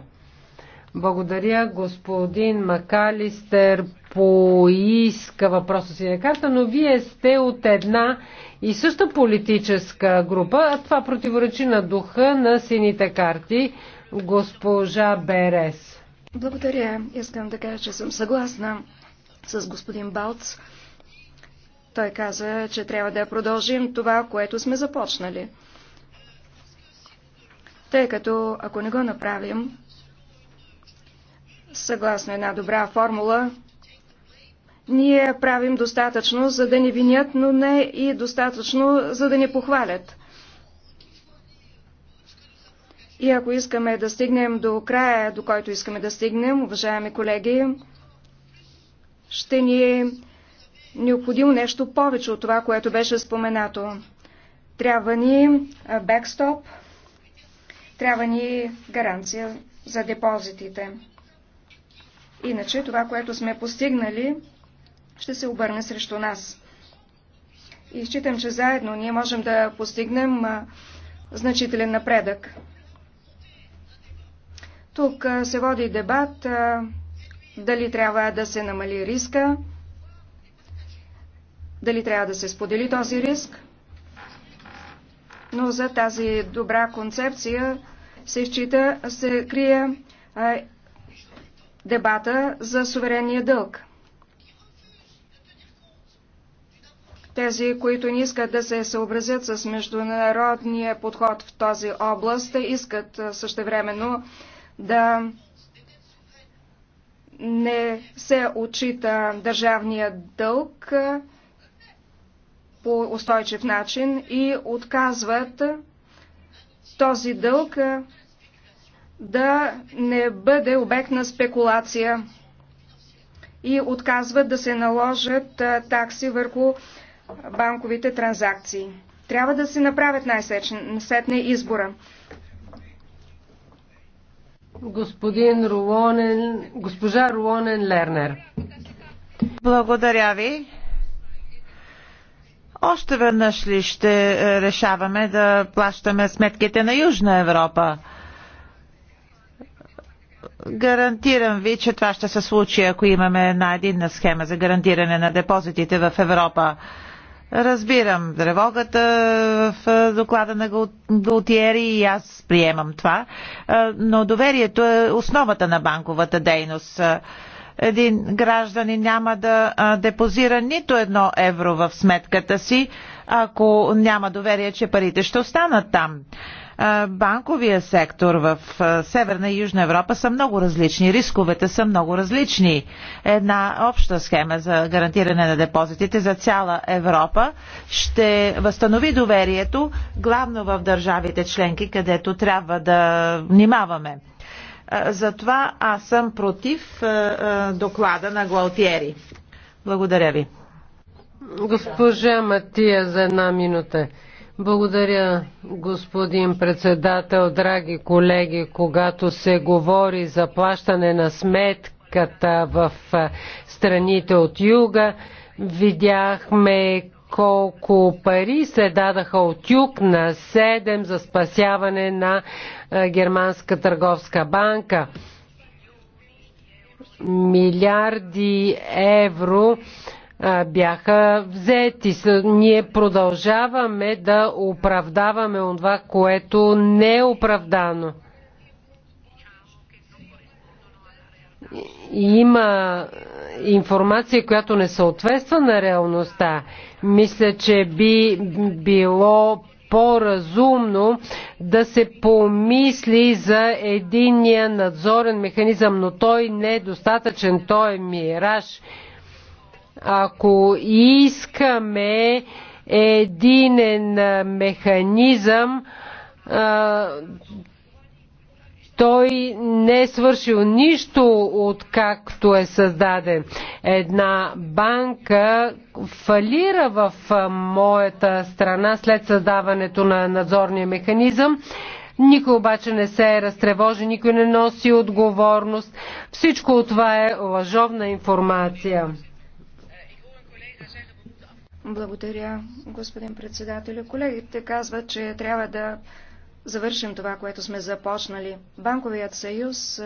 Благодаря, господин Макалистер поиска въпроса си на карта, но вие сте от една и съща политическа група, това противоречи на духа на сините карти, госпожа Берес. Благодаря. Искам да кажа, че съм съгласна с господин Балц. Той каза, че трябва да продължим това, което сме започнали. Тъй като ако не го направим, съгласно е една добра формула, ние правим достатъчно, за да ни винят, но не и достатъчно, за да ни похвалят. И ако искаме да стигнем до края, до който искаме да стигнем, уважаеми колеги, ще ни е необходимо нещо повече от това, което беше споменато. Трябва ни бекстоп, трябва ни гаранция за депозитите. Иначе това, което сме постигнали, ще се обърне срещу нас. И считам, че заедно ние можем да постигнем значителен напредък. Тук се води дебат дали трябва да се намали риска, дали трябва да се сподели този риск. Но за тази добра концепция се счита, се крие дебата за суверенния дълг. Тези, които не искат да се съобразят с международния подход в този област, искат същевременно да не се отчита държавния дълг по устойчив начин и отказват този дълг да не бъде обект на спекулация и отказват да се наложат такси върху банковите транзакции. Трябва да се направят най-сетне избора. Господин Руонен, госпожа Руонен Лернер. Благодаря ви. Още веднъж ли ще е, решаваме да плащаме сметките на Южна Европа? Гарантирам ви, че това ще се случи, ако имаме една единна схема за гарантиране на депозитите в Европа. Разбирам тревогата в доклада на Галтиери и аз приемам това, но доверието е основата на банковата дейност. Един гражданин няма да депозира нито едно евро в сметката си, ако няма доверие, че парите ще останат там банковия сектор в Северна и Южна Европа са много различни. Рисковете са много различни. Една обща схема за гарантиране на депозитите за цяла Европа ще възстанови доверието, главно в държавите членки, където трябва да внимаваме. Затова аз съм против доклада на Гуалтиери. Благодаря ви. Госпожа Матия за една минута. Благодаря, господин председател, драги колеги. Когато се говори за плащане на сметката в страните от юга, видяхме колко пари се дадаха от юг на 7 за спасяване на Германска търговска банка. Милиарди евро бяха взети. Ние продължаваме да оправдаваме това, което не е оправдано. Има информация, която не съответства на реалността. Мисля, че би било по-разумно да се помисли за единия надзорен механизъм, но той не е достатъчен, той е мираж. Ако искаме единен механизъм, той не е свършил нищо от както е създаден. Една банка фалира в моята страна след създаването на надзорния механизъм. Никой обаче не се е разтревожи, никой не носи отговорност. Всичко това е лъжовна информация. Благодаря, господин председател. Колегите казват, че трябва да завършим това, което сме започнали. Банковият съюз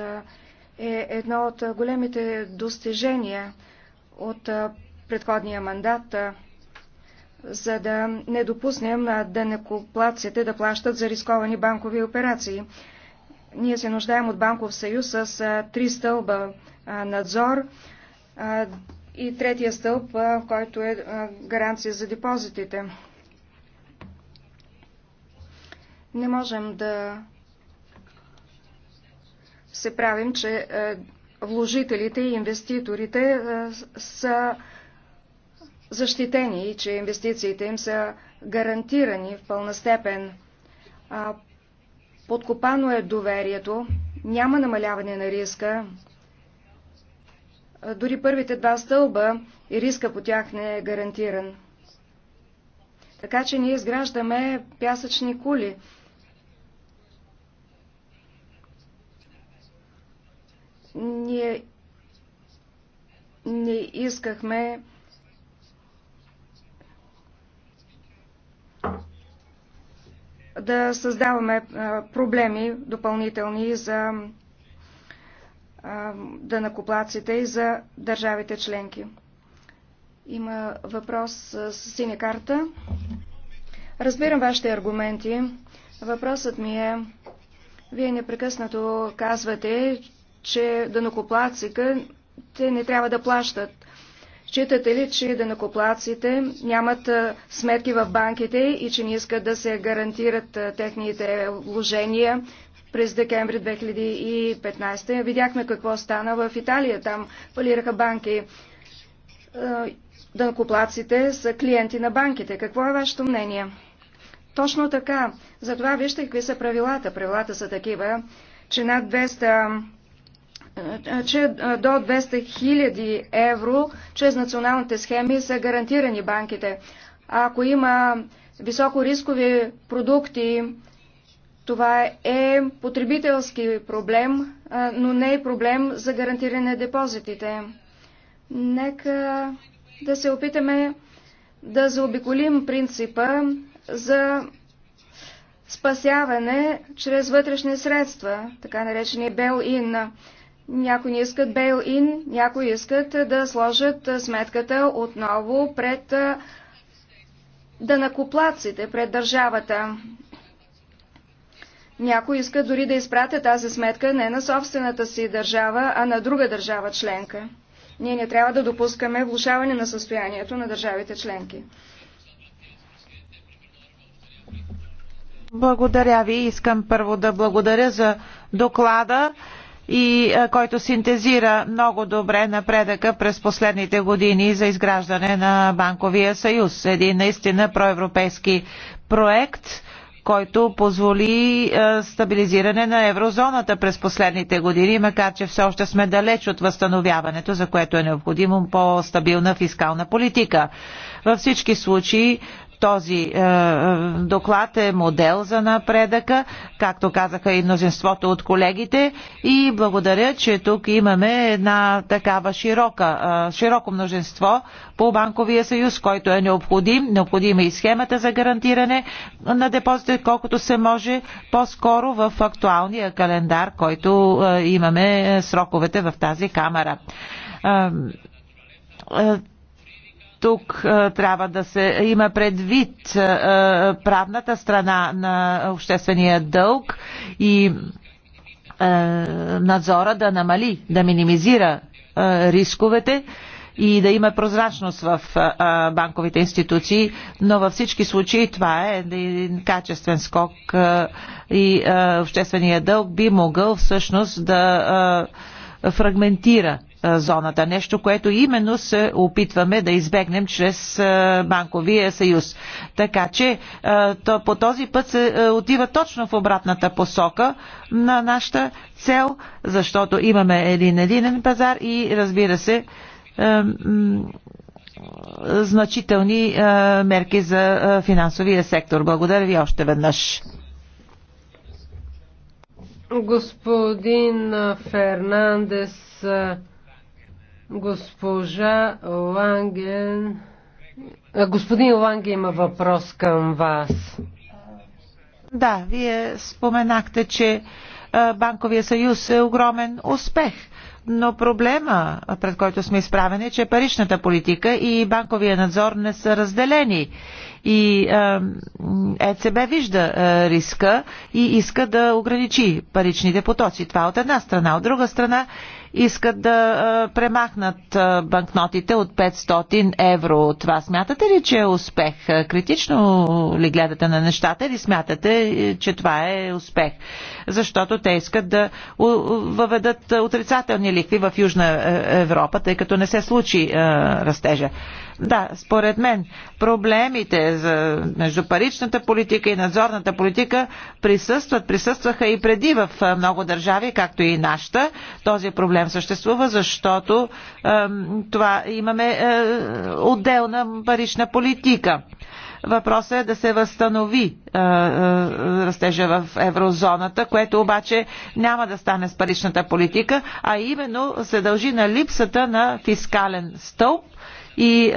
е едно от големите достижения от предходния мандат, за да не допуснем данекоплаците да плащат за рисковани банкови операции. Ние се нуждаем от банков съюз с три стълба надзор, и третия стълб, който е гаранция за депозитите. Не можем да се правим, че вложителите и инвеститорите са защитени и че инвестициите им са гарантирани в пълна степен. Подкопано е доверието, няма намаляване на риска, дори първите два стълба и риска по тях не е гарантиран. Така че ние изграждаме пясъчни кули. Ние не искахме да създаваме проблеми допълнителни за дънакоплаците и за държавите членки. Има въпрос с синя карта. Разбирам вашите аргументи. Въпросът ми е, вие непрекъснато казвате, че дънакоплаците не трябва да плащат. Считате ли, че дънакоплаците нямат сметки в банките и че не искат да се гарантират техните вложения? през декември 2015. Видяхме какво стана в Италия. Там палираха банки. Е, дънкоплаците са клиенти на банките. Какво е вашето мнение? Точно така. Затова вижте какви са правилата. Правилата са такива, че над 200 е, че е, до 200 000 евро чрез националните схеми са гарантирани банките. А ако има високорискови продукти, това е потребителски проблем, но не е проблем за гарантиране на депозитите. Нека да се опитаме да заобиколим принципа за спасяване чрез вътрешни средства, така наречени бел-ин. Някои не искат бейл-ин, някои искат да сложат сметката отново пред данакоплаците, пред държавата. Някои искат дори да изпратят тази сметка не на собствената си държава, а на друга държава членка. Ние не трябва да допускаме влушаване на състоянието на държавите членки. Благодаря ви. Искам първо да благодаря за доклада и е, който синтезира много добре напредъка през последните години за изграждане на банковия съюз. Един наистина проевропейски проект който позволи е, стабилизиране на еврозоната през последните години, макар че все още сме далеч от възстановяването, за което е необходимо по-стабилна фискална политика. Във всички случаи този е, е, доклад е модел за напредъка, както казаха и множеството от колегите и благодаря, че тук имаме една такава широка, е, широко множество по Банковия съюз, който е необходим. Необходима е и схемата за гарантиране на депозите, колкото се може по-скоро в актуалния календар, който е, имаме е, сроковете в тази камера. Е, е, тук трябва да се има предвид правната страна на обществения дълг и надзора да намали, да минимизира рисковете и да има прозрачност в банковите институции, но във всички случаи това е един качествен скок и обществения дълг би могъл всъщност да фрагментира е, зоната. Нещо, което именно се опитваме да избегнем чрез е, банковия съюз. Така че е, то, по този път се отива точно в обратната посока на нашата цел, защото имаме един единен пазар и разбира се значителни мерки за финансовия сектор. Благодаря ви още веднъж. Господин Фернандес, Госпожа Ланген... Господин Ланген има въпрос към вас. Да, вие споменахте, че банковия съюз е огромен успех. Но проблема, пред който сме изправени, е, че паричната политика и банковия надзор не са разделени. И ЕЦБ вижда риска и иска да ограничи паричните потоци. Това от една страна. От друга страна искат да премахнат банкнотите от 500 евро. Това смятате ли, че е успех? Критично ли гледате на нещата или смятате, е, че това е успех? Защото те искат да въведат отрицателни ликви в Южна е, Европа, тъй като не се случи е, растежа. Да, според мен проблемите за паричната политика и надзорната политика присъстват, присъстваха и преди в много държави, както и нашата. Този проблем съществува, защото е, това имаме е, отделна парична политика. Въпросът е да се възстанови е, е, растежа в еврозоната, което обаче няма да стане с паричната политика, а именно се дължи на липсата на фискален стълб и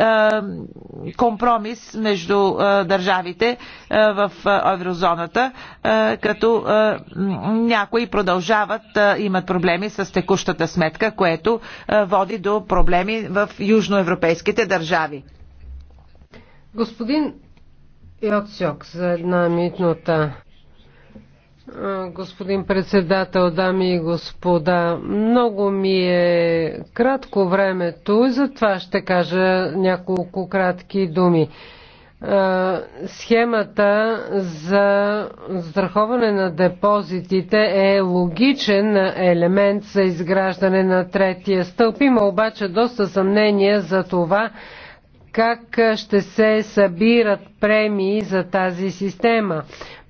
компромис между държавите в еврозоната, като някои продължават, имат проблеми с текущата сметка, което води до проблеми в южноевропейските държави. Господин Йоцьок, за една минута. Господин председател, дами и господа, много ми е кратко времето и затова ще кажа няколко кратки думи. Схемата за страховане на депозитите е логичен елемент за изграждане на третия стълб. Има обаче доста съмнение за това, как ще се събират премии за тази система.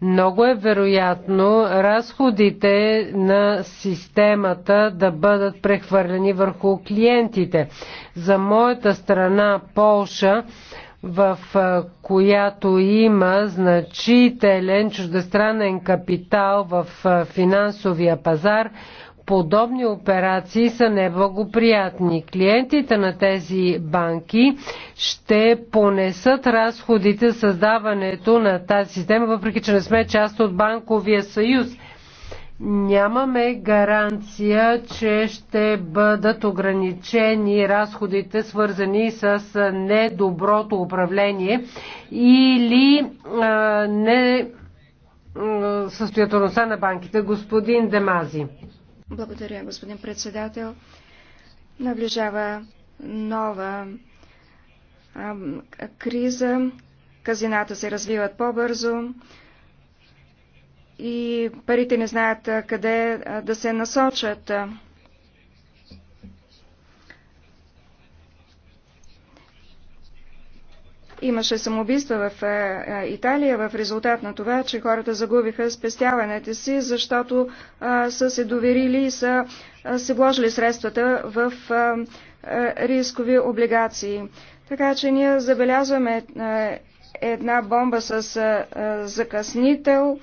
Много е вероятно разходите на системата да бъдат прехвърлени върху клиентите. За моята страна Полша, в която има значителен чуждестранен капитал в финансовия пазар, подобни операции са неблагоприятни. Клиентите на тези банки ще понесат разходите за създаването на тази система, въпреки че не сме част от Банковия съюз. Нямаме гаранция, че ще бъдат ограничени разходите, свързани с недоброто управление или а, не състоятелността на банките. Господин Демази. Благодаря, господин председател. Наближава нова а, криза. Казината се развиват по-бързо и парите не знаят къде да се насочат. Имаше самоубийства в е, е, Италия в резултат на това, че хората загубиха спестяването си, защото са се доверили и са се вложили средствата в е, рискови облигации. Така че ние забелязваме една бомба с закъснител.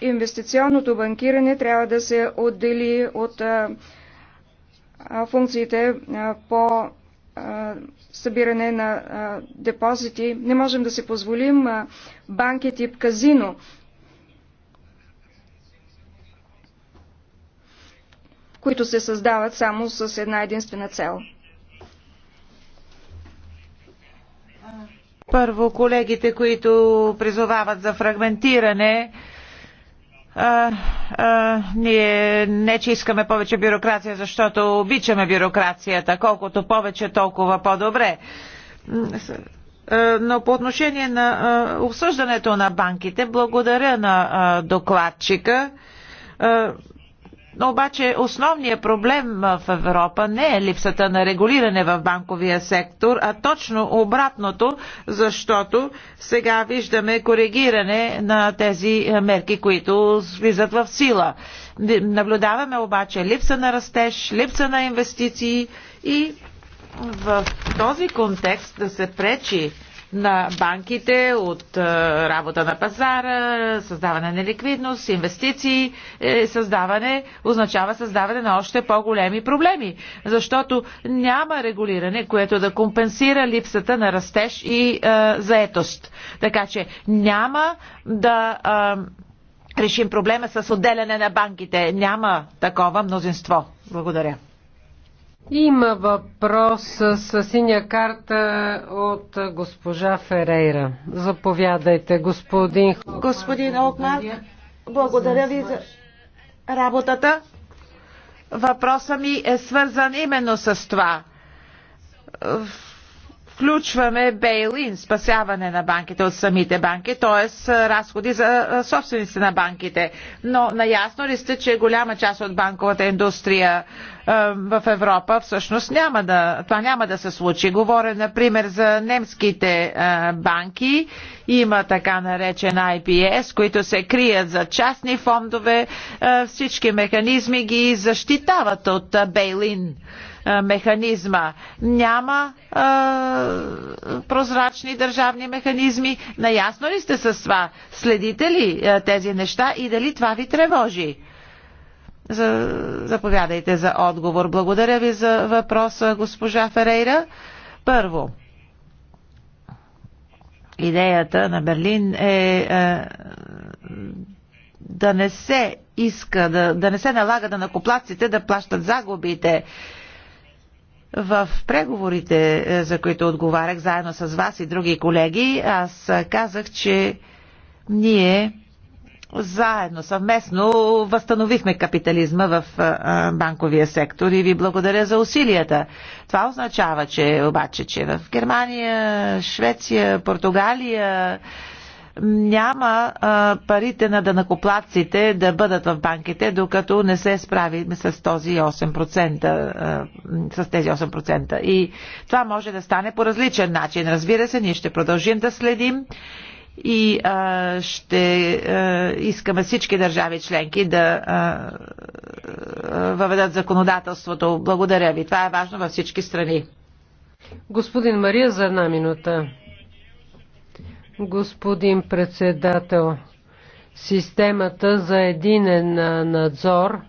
Инвестиционното банкиране трябва да се отдели от функциите по събиране на депозити. Не можем да си позволим банки тип казино. които се създават само с една единствена цел. Първо, колегите, които призовават за фрагментиране, ние не, че искаме повече бюрокрация, защото обичаме бюрокрацията. Колкото повече, толкова по-добре. Но по отношение на обсъждането на банките, благодаря на докладчика но обаче основният проблем в Европа не е липсата на регулиране в банковия сектор, а точно обратното, защото сега виждаме коригиране на тези мерки, които влизат в сила. Наблюдаваме обаче липса на растеж, липса на инвестиции и в този контекст да се пречи на банките от е, работа на пазара, създаване на ликвидност, инвестиции, е, създаване означава създаване на още по-големи проблеми, защото няма регулиране, което да компенсира липсата на растеж и е, заетост. Така че няма да решим проблема с отделяне на банките. Няма такова мнозинство. Благодаря. Има въпрос с синя карта от госпожа Ферейра. Заповядайте, господин. Господин Окмар, благодаря ви за работата. Въпросът ми е свързан именно с това. В включваме бейлин, спасяване на банките от самите банки, т.е. разходи за собственици на банките. Но наясно ли сте, че голяма част от банковата индустрия в Европа всъщност няма да, това няма да се случи. Говоря, например, за немските банки. Има така наречен IPS, които се крият за частни фондове. Всички механизми ги защитават от бейлин. Е, механизма. Няма а, е, прозрачни държавни механизми. Наясно ли сте с това? Следите ли а, е, тези неща и дали това ви тревожи? За, заповядайте за отговор. Благодаря ви за въпроса, госпожа Ферейра. Първо, идеята на Берлин е, а, да не се иска, да, да не се налага да накоплаците да плащат загубите. В преговорите, е, за които отговарях заедно с вас и други колеги, аз е, казах, че ние заедно, съвместно възстановихме капитализма в е, банковия сектор и ви благодаря за усилията. Това означава, че обаче, че в Германия, Швеция, Португалия, няма а, парите на данакоплаците да бъдат в банките, докато не се справим с този 8%, а, с тези 8%. И това може да стане по различен начин. Разбира се, ние ще продължим да следим и а, ще а, искаме всички държави членки да а, въведат законодателството. Благодаря ви. Това е важно във всички страни. Господин Мария, за една минута. Господин председател, системата за единен надзор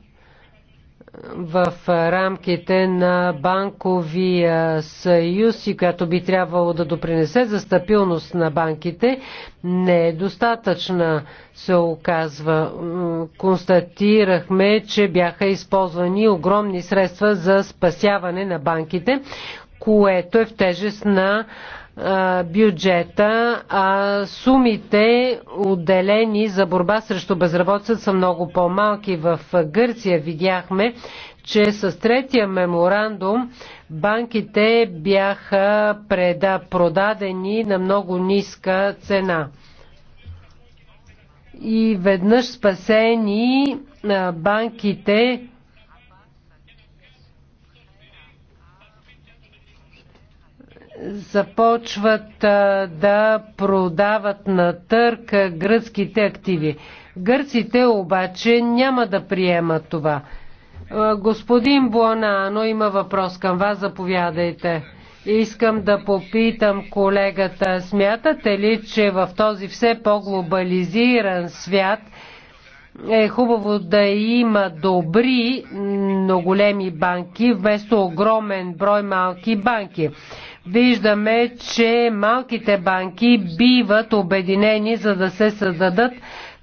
в рамките на банковия съюз и която би трябвало да допринесе за стабилност на банките, не е достатъчна, се оказва. Констатирахме, че бяха използвани огромни средства за спасяване на банките, което е в тежест на бюджета, а сумите отделени за борба срещу безработица са много по-малки. В Гърция видяхме, че с третия меморандум банките бяха преда, продадени на много ниска цена. И веднъж спасени банките започват да продават на търк гръцките активи. Гърците обаче няма да приемат това. Господин Буанано има въпрос към вас, заповядайте. Искам да попитам колегата, смятате ли, че в този все по-глобализиран свят е хубаво да има добри, но големи банки, вместо огромен брой малки банки? виждаме, че малките банки биват обединени, за да се създадат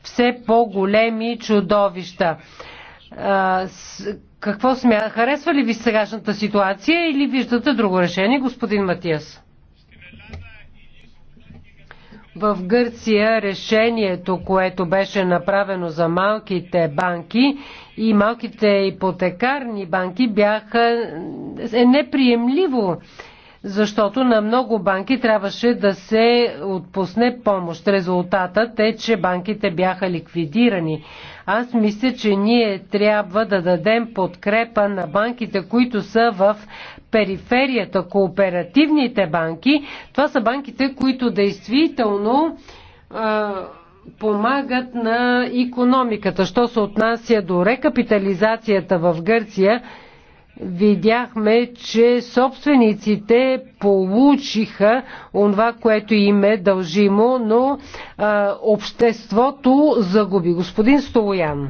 все по-големи чудовища. Какво смя... Харесва ли ви сегашната ситуация или виждате друго решение, господин Матиас? В Гърция решението, което беше направено за малките банки и малките ипотекарни банки бяха е неприемливо защото на много банки трябваше да се отпусне помощ. Резултатът е, че банките бяха ликвидирани. Аз мисля, че ние трябва да дадем подкрепа на банките, които са в периферията, кооперативните банки. Това са банките, които действително помагат на економиката. Що се отнася до рекапитализацията в Гърция, видяхме, че собствениците получиха онова, което им е дължимо, но а, обществото загуби. Господин Столоян.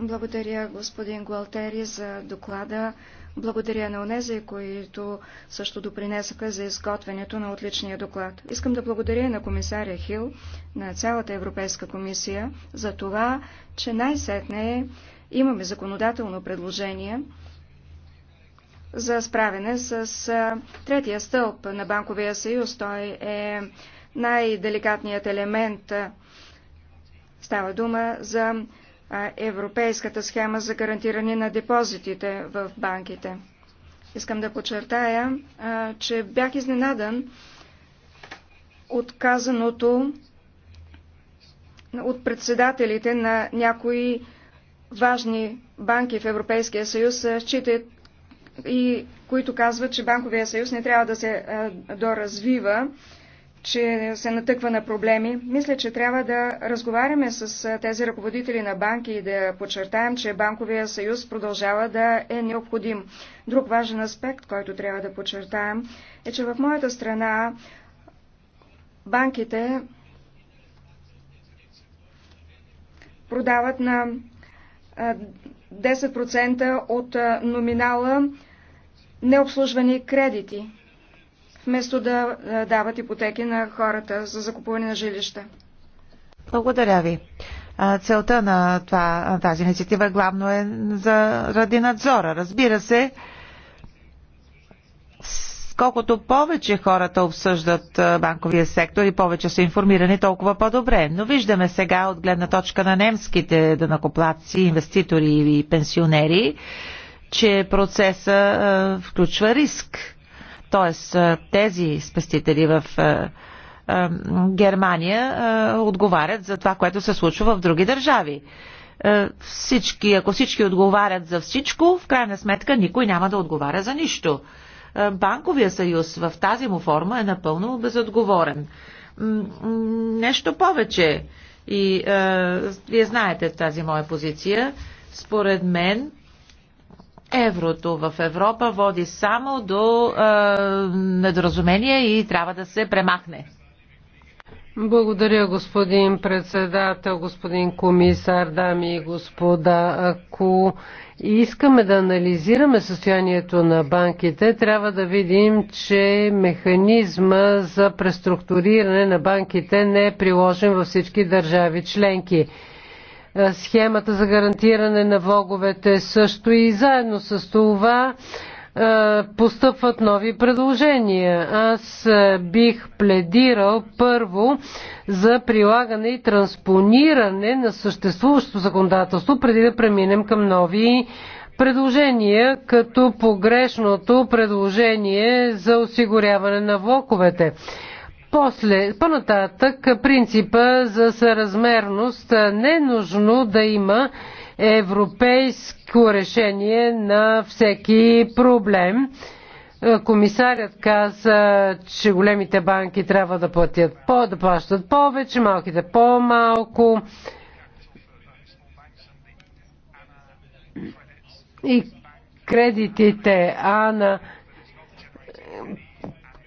Благодаря, господин Гуалтери, за доклада. Благодаря на онези, които също допринесаха за изготвянето на отличния доклад. Искам да благодаря на комисаря Хил, на цялата Европейска комисия, за това, че най-сетне имаме законодателно предложение, за справяне с третия стълб на Банковия съюз. Той е най-деликатният елемент. Става дума за европейската схема за гарантиране на депозитите в банките. Искам да подчертая, че бях изненадан от казаното от председателите на някои важни банки в Европейския съюз считат, и които казват, че Банковия съюз не трябва да се доразвива, че се натъква на проблеми. Мисля, че трябва да разговаряме с тези ръководители на банки и да подчертаем, че Банковия съюз продължава да е необходим. Друг важен аспект, който трябва да подчертаем, е, че в моята страна банките продават на 10% от номинала необслужвани кредити, вместо да дават ипотеки на хората за закупуване на жилища. Благодаря ви. Целта на, това, тази инициатива главно е заради надзора. Разбира се, колкото повече хората обсъждат банковия сектор и повече са информирани, толкова по-добре. Но виждаме сега от гледна точка на немските дънакоплаци, инвеститори и пенсионери, че процеса е, включва риск. Тоест е, тези спестители в е, Германия отговарят за това, което се случва в други държави. Всички, ако всички отговарят за всичко, в крайна сметка никой няма да отговаря за нищо. Банковия съюз в тази му форма е напълно безотговорен. Нещо повече. И а, вие знаете тази моя позиция. Според мен Еврото в Европа води само до е, недоразумение и трябва да се премахне. Благодаря, господин председател, господин комисар, дами и господа. Ако искаме да анализираме състоянието на банките, трябва да видим, че механизма за преструктуриране на банките не е приложен във всички държави членки схемата за гарантиране на влоговете също и заедно с това постъпват нови предложения. Аз бих пледирал първо за прилагане и транспониране на съществуващото законодателство, преди да преминем към нови предложения, като погрешното предложение за осигуряване на влоковете. После, по-нататък, принципа за съразмерност не е нужно да има европейско решение на всеки проблем. Комисарят каза, че големите банки трябва да, платят, по, да плащат повече, малките по-малко. И кредитите, Ана,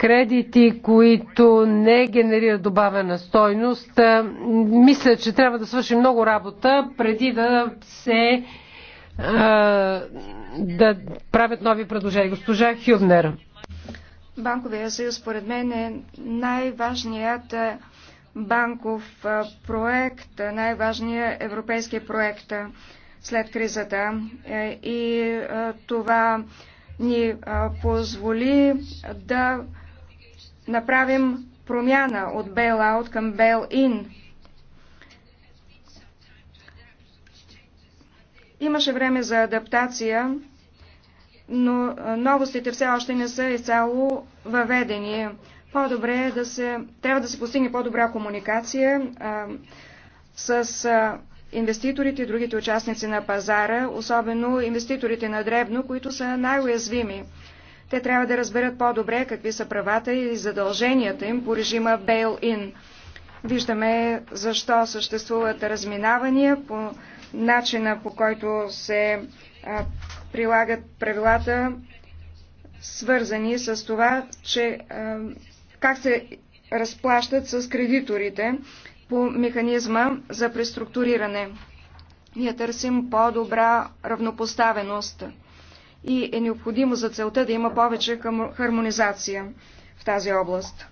кредити, които не генерират добавена стойност. Е, мисля, че трябва да свърши много работа преди да се е, да правят нови предложения. Госпожа Хюбнер. Банковия съюз, според мен, е най-важният е, банков проект, най-важният европейски проект след кризата. И това ни позволи да направим промяна от bail-out към bail-in. Имаше време за адаптация, но новостите все още не са изцяло въведени. По-добре е да се, трябва да се постигне по-добра комуникация а, с а, инвеститорите и другите участници на пазара, особено инвеститорите на дребно, които са най-уязвими. Те трябва да разберат по-добре какви са правата и задълженията им по режима bail-in. Виждаме защо съществуват разминавания по начина по който се а, прилагат правилата, свързани с това, че а, как се разплащат с кредиторите по механизма за преструктуриране. Ние търсим по-добра равнопоставеност и е необходимо за целта да има повече хармонизация в тази област.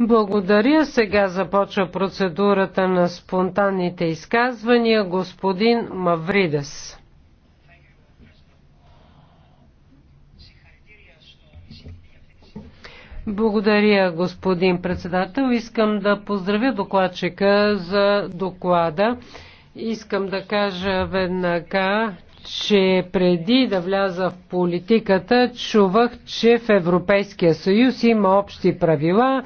Благодаря. Сега започва процедурата на спонтанните изказвания. Господин Мавридес. Благодаря, господин председател. Искам да поздравя докладчика за доклада. Искам да кажа веднага, че преди да вляза в политиката, чувах, че в Европейския съюз има общи правила,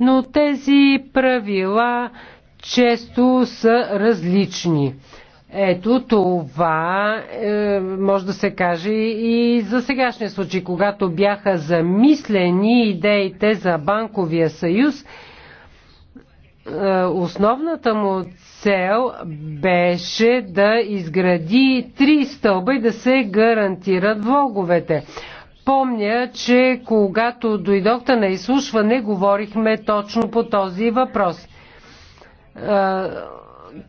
но тези правила често са различни. Ето това е, може да се каже и за сегашния случай, когато бяха замислени идеите за банковия съюз, е, основната му цел беше да изгради три стълба и да се гарантират влоговете. Помня, че когато дойдохте на изслушване, говорихме точно по този въпрос.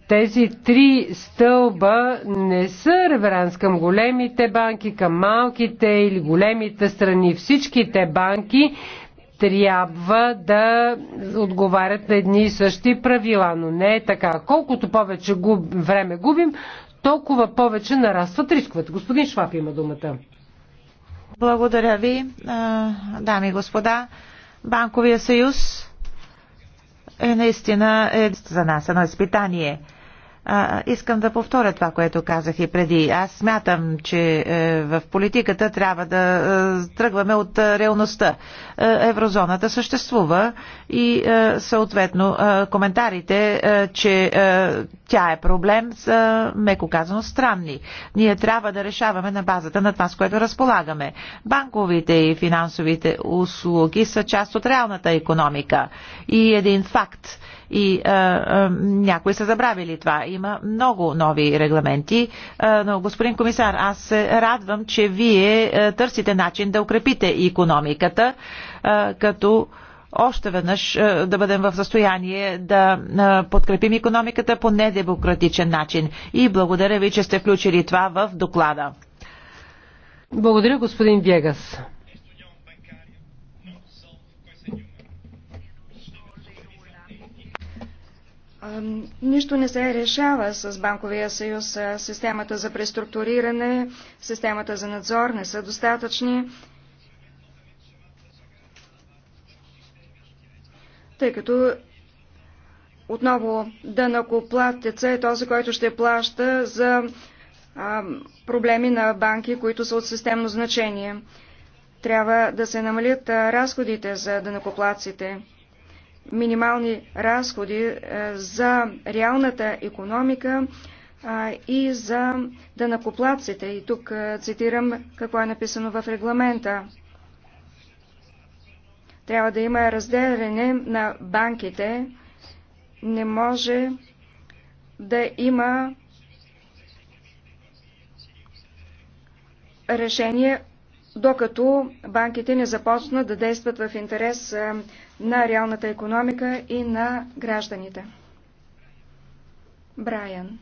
Тези три стълба не са реверанс към големите банки, към малките или големите страни. Всичките банки трябва да отговарят на едни и същи правила, но не е така. Колкото повече губ, време губим, толкова повече нарастват рисковете. Господин Шваб има думата. Благодаря ви, дами и господа. Банковия съюз е наистина е за нас едно изпитание. А, искам да повторя това, което казах и преди. Аз смятам, че е, в политиката трябва да е, тръгваме от е, реалността. Е, еврозоната съществува и е, съответно е, коментарите, е, че е, тя е проблем, са меко казано странни. Ние трябва да решаваме на базата на това, с което разполагаме. Банковите и финансовите услуги са част от реалната економика и един факт и а, е, а, е, някои са забравили това. Има много нови регламенти. А, е, но, господин комисар, аз се радвам, че вие а, търсите начин да укрепите економиката, а, като още веднъж да бъдем в състояние да подкрепим економиката по недемократичен начин. И благодаря ви, че сте включили това в доклада. Благодаря, господин Вегас. Нищо не се решава с Банковия съюз. Системата за преструктуриране, системата за надзор не са достатъчни, тъй като отново дънакоплатеца е този, който ще плаща за проблеми на банки, които са от системно значение. Трябва да се намалят разходите за дънакоплаците минимални разходи е, за реалната економика е, и за данакоплаците. И тук е, цитирам какво е написано в регламента. Трябва да има разделяне на банките. Не може да има решение, докато банките не започнат да действат в интерес на реалната економика и на гражданите. Брайан.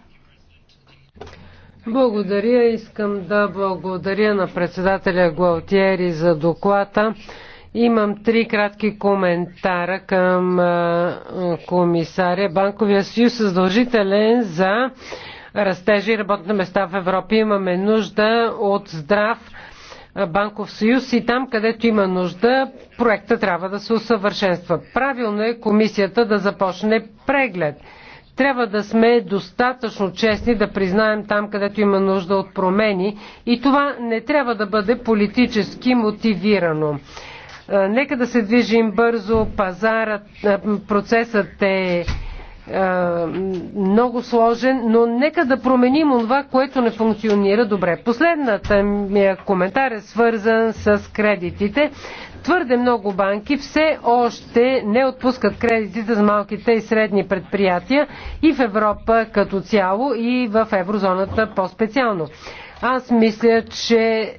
Благодаря. Искам да благодаря на председателя Гуалтиери за доклада. Имам три кратки коментара към комисаря. Банковия съюз е задължителен за растежи и работни места в Европа. Имаме нужда от здрав банков съюз и там, където има нужда, проекта трябва да се усъвършенства. Правилно е комисията да започне преглед. Трябва да сме достатъчно честни да признаем там, където има нужда от промени и това не трябва да бъде политически мотивирано. Е, нека да се движим бързо, пазарът, е, процесът е е, много сложен, но нека да променим това, което не функционира добре. Последната ми е коментар е свързан с кредитите. Твърде много банки все още не отпускат кредитите за малките и средни предприятия и в Европа като цяло и в еврозоната по-специално. Аз мисля, че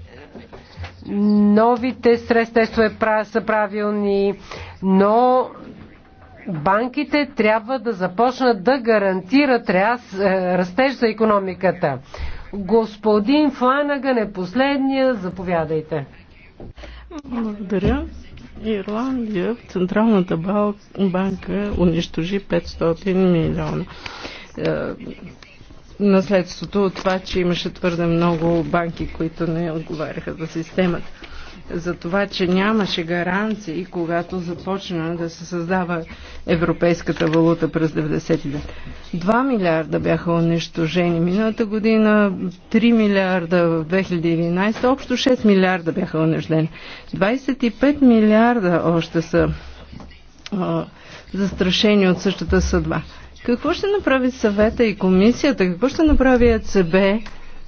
новите стрес тестове са правилни, но банките трябва да започнат да гарантират е, растеж за економиката. Господин Фланаган е последния. Заповядайте. Благодаря. Ирландия, Централната банка унищожи 500 милиона. Е, наследството от това, че имаше твърде много банки, които не отговаряха за системата за това, че нямаше гаранции, когато започна да се създава европейската валута през 99. 2 милиарда бяха унищожени миналата година, 3 милиарда в 2011, общо 6 милиарда бяха унищожени. 25 милиарда още са а, застрашени от същата съдба. Какво ще направи съвета и комисията? Какво ще направи ЕЦБ?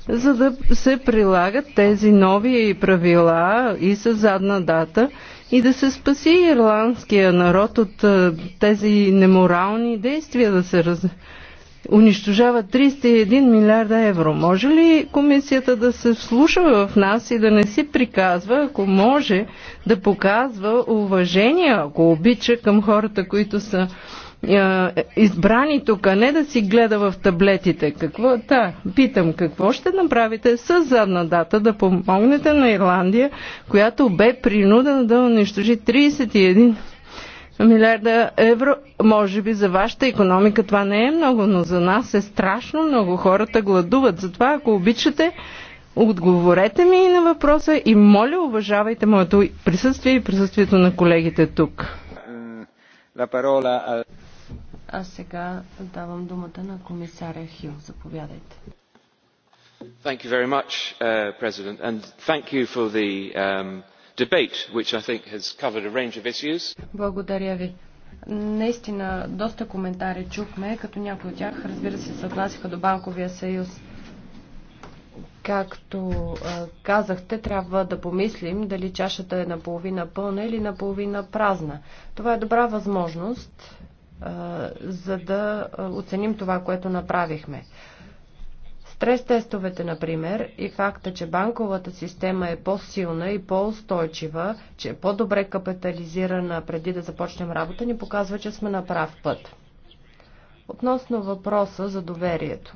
за да се прилагат тези нови правила и с задна дата и да се спаси ирландския народ от тези неморални действия да се раз... унищожава 301 милиарда евро. Може ли комисията да се слуша в нас и да не си приказва, ако може да показва уважение, ако обича към хората, които са избрани тук, а не да си гледа в таблетите. Какво, да, питам, какво ще направите с задна дата да помогнете на Ирландия, която бе принудена да унищожи 31 милиарда евро. Може би за вашата економика това не е много, но за нас е страшно много. Хората гладуват. Затова, ако обичате, отговорете ми на въпроса и моля, уважавайте моето присъствие и присъствието на колегите тук. А сега давам думата на комисаря Хил. Заповядайте. Thank you very much, uh, President, and thank you for the um, debate, which I think has covered a range of issues. Благодаря ви. Наистина, доста коментари чухме, като някои от тях, разбира се, съгласиха до Банковия съюз. Както казахте, трябва да помислим дали чашата е наполовина пълна или наполовина празна. Това е добра възможност за да оценим това, което направихме. Стрес-тестовете, например, и факта, че банковата система е по-силна и по-устойчива, че е по-добре капитализирана преди да започнем работа, ни показва, че сме на прав път. Относно въпроса за доверието.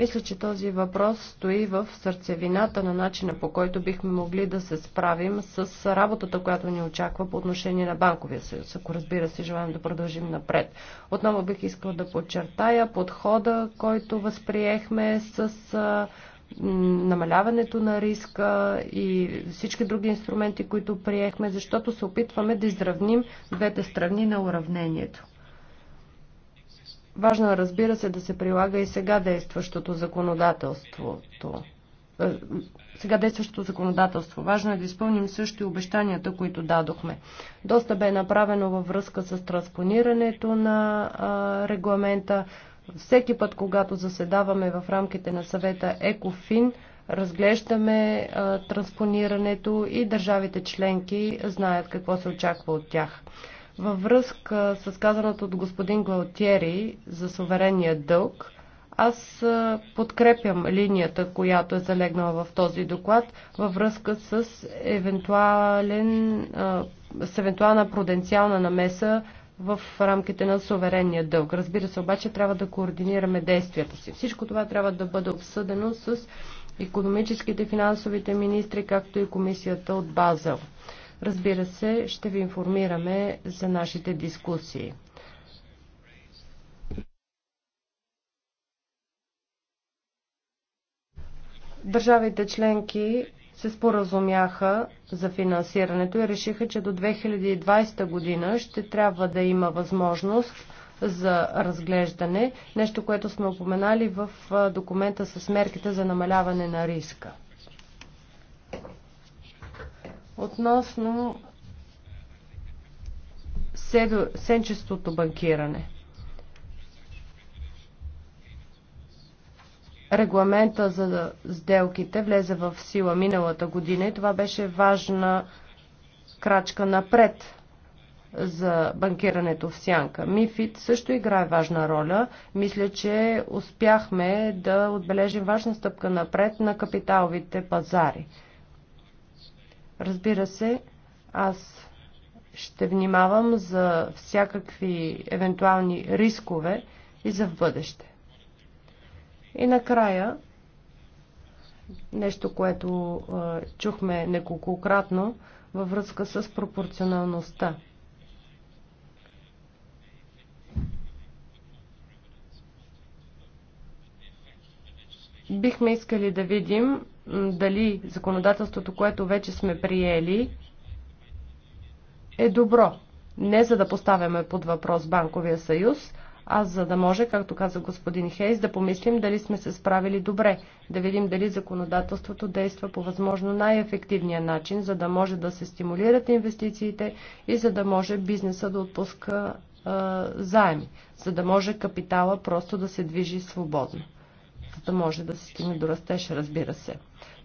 Мисля, че този въпрос стои в сърцевината на начина по който бихме могли да се справим с работата, която ни очаква по отношение на банковия съюз, ако разбира се желаем да продължим напред. Отново бих искал да подчертая подхода, който възприехме с намаляването на риска и всички други инструменти, които приехме, защото се опитваме да изравним двете страни на уравнението. Важно е, разбира се, да се прилага и сега действащото законодателството. Е, сега действащото законодателство. Важно е да изпълним също и обещанията, които дадохме. Доста бе направено във връзка с транспонирането на регламента. Всеки път, когато заседаваме в рамките на съвета ЕКОФИН, разглеждаме транспонирането и държавите членки знаят какво се очаква от тях. Във връзка с казаното от господин Галтиери за суверенния дълг, аз подкрепям линията, която е залегнала в този доклад във връзка с, евентуален, с евентуална пруденциална намеса в рамките на суверенния дълг. Разбира се, обаче трябва да координираме действията си. Всичко това трябва да бъде обсъдено с економическите и финансовите министри, както и комисията от Базел. Разбира се, ще ви информираме за нашите дискусии. Държавите членки се споразумяха за финансирането и решиха, че до 2020 година ще трябва да има възможност за разглеждане, нещо, което сме упоменали в документа с мерките за намаляване на риска. Относно сенчестото банкиране. Регламента за сделките влезе в сила миналата година и това беше важна крачка напред за банкирането в сянка. Мифит също играе важна роля. Мисля, че успяхме да отбележим важна стъпка напред на капиталовите пазари. Разбира се, аз ще внимавам за всякакви евентуални рискове и за в бъдеще. И накрая, нещо, което чухме неколкократно във връзка с пропорционалността. Бихме искали да видим дали законодателството, което вече сме приели, е добро. Не за да поставяме под въпрос Банковия съюз, а за да може, както каза господин Хейс, да помислим дали сме се справили добре, да видим дали законодателството действа по възможно най-ефективния начин, за да може да се стимулират инвестициите и за да може бизнеса да отпуска е, заеми, за да може капитала просто да се движи свободно за да може да се стигне до растеж, разбира се.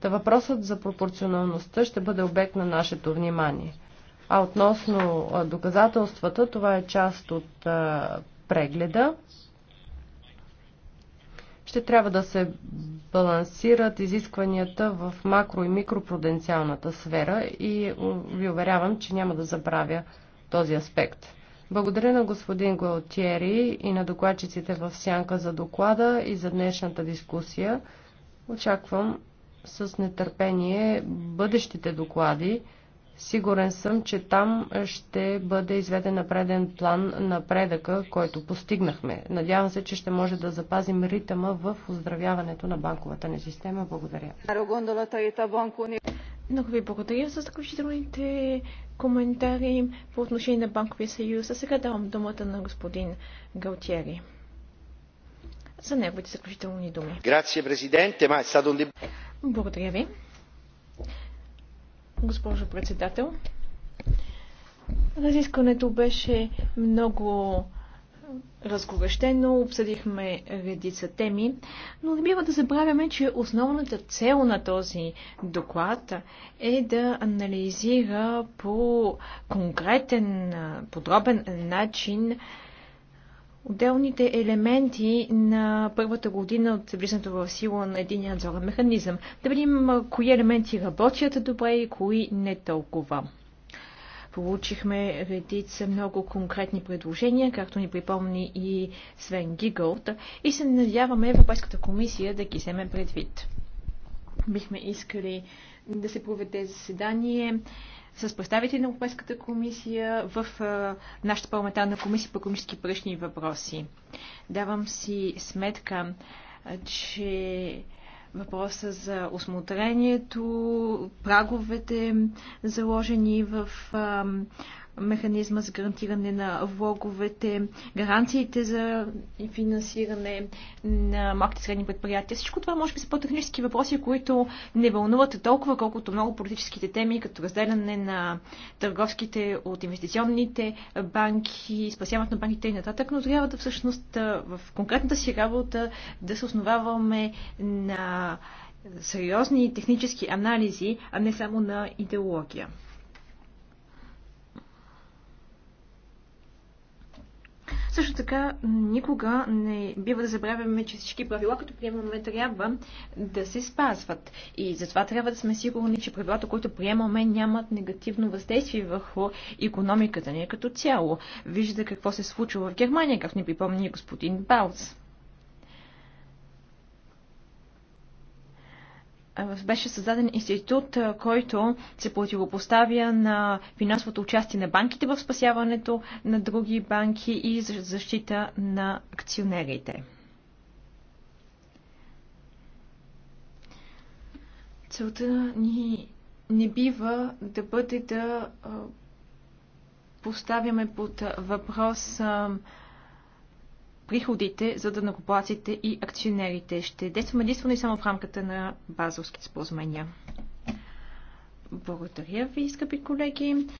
Та въпросът за пропорционалността ще бъде обект на нашето внимание. А относно доказателствата, това е част от прегледа. Ще трябва да се балансират изискванията в макро и микропруденциалната сфера и ви уверявам, че няма да забравя този аспект. Благодаря на господин Гуалтиери и на докладчиците в Сянка за доклада и за днешната дискусия. Очаквам с нетърпение бъдещите доклади. Сигурен съм, че там ще бъде изведен напреден преден план напредъка, който постигнахме. Надявам се, че ще може да запазим ритъма в оздравяването на банковата ни система. Благодаря. Много ви благодаря за заключителните коментари по отношение на Банковия съюз. А сега давам думата на господин Галтиери за неговите заключителни думи. Е Благодаря ви. Госпожо председател, разискването беше много разгорещено, обсъдихме редица теми, но не бива да забравяме, че основната цел на този доклад е да анализира по конкретен, подробен начин отделните елементи на първата година от влизането в сила на един надзорен механизъм. Да видим кои елементи работят добре и кои не толкова. Получихме редица много конкретни предложения, както ни припомни и Свен Гигълт, и се надяваме Европейската комисия да ги вземе предвид. Бихме искали да се проведе заседание с представители на Европейската комисия в нашата парламентарна комисия по економически пръчни въпроси. Давам си сметка, че въпроса за осмотрението, праговете заложени в механизма за гарантиране на влоговете, гаранциите за финансиране на малките средни предприятия. Всичко това може би са по-технически въпроси, които не вълнуват толкова, колкото много политическите теми, като разделяне на търговските от инвестиционните банки, спасяването на банките и нататък, но трябва да всъщност в конкретната си работа да се основаваме на сериозни технически анализи, а не само на идеология. Също така, никога не бива да забравяме, че всички правила, които приемаме, трябва да се спазват. И затова трябва да сме сигурни, че правилата, които приемаме, нямат негативно въздействие върху економиката ни като цяло. Вижда какво се случва в Германия, как ни припомни господин Баус. беше създаден институт, който се противопоставя на финансовото участие на банките в спасяването на други банки и защита на акционерите. Целта ни не бива да бъде да поставяме под въпрос приходите за накоплаците и акционерите. Ще действаме единствено и само в рамката на базовските споразумения. Благодаря ви, скъпи колеги.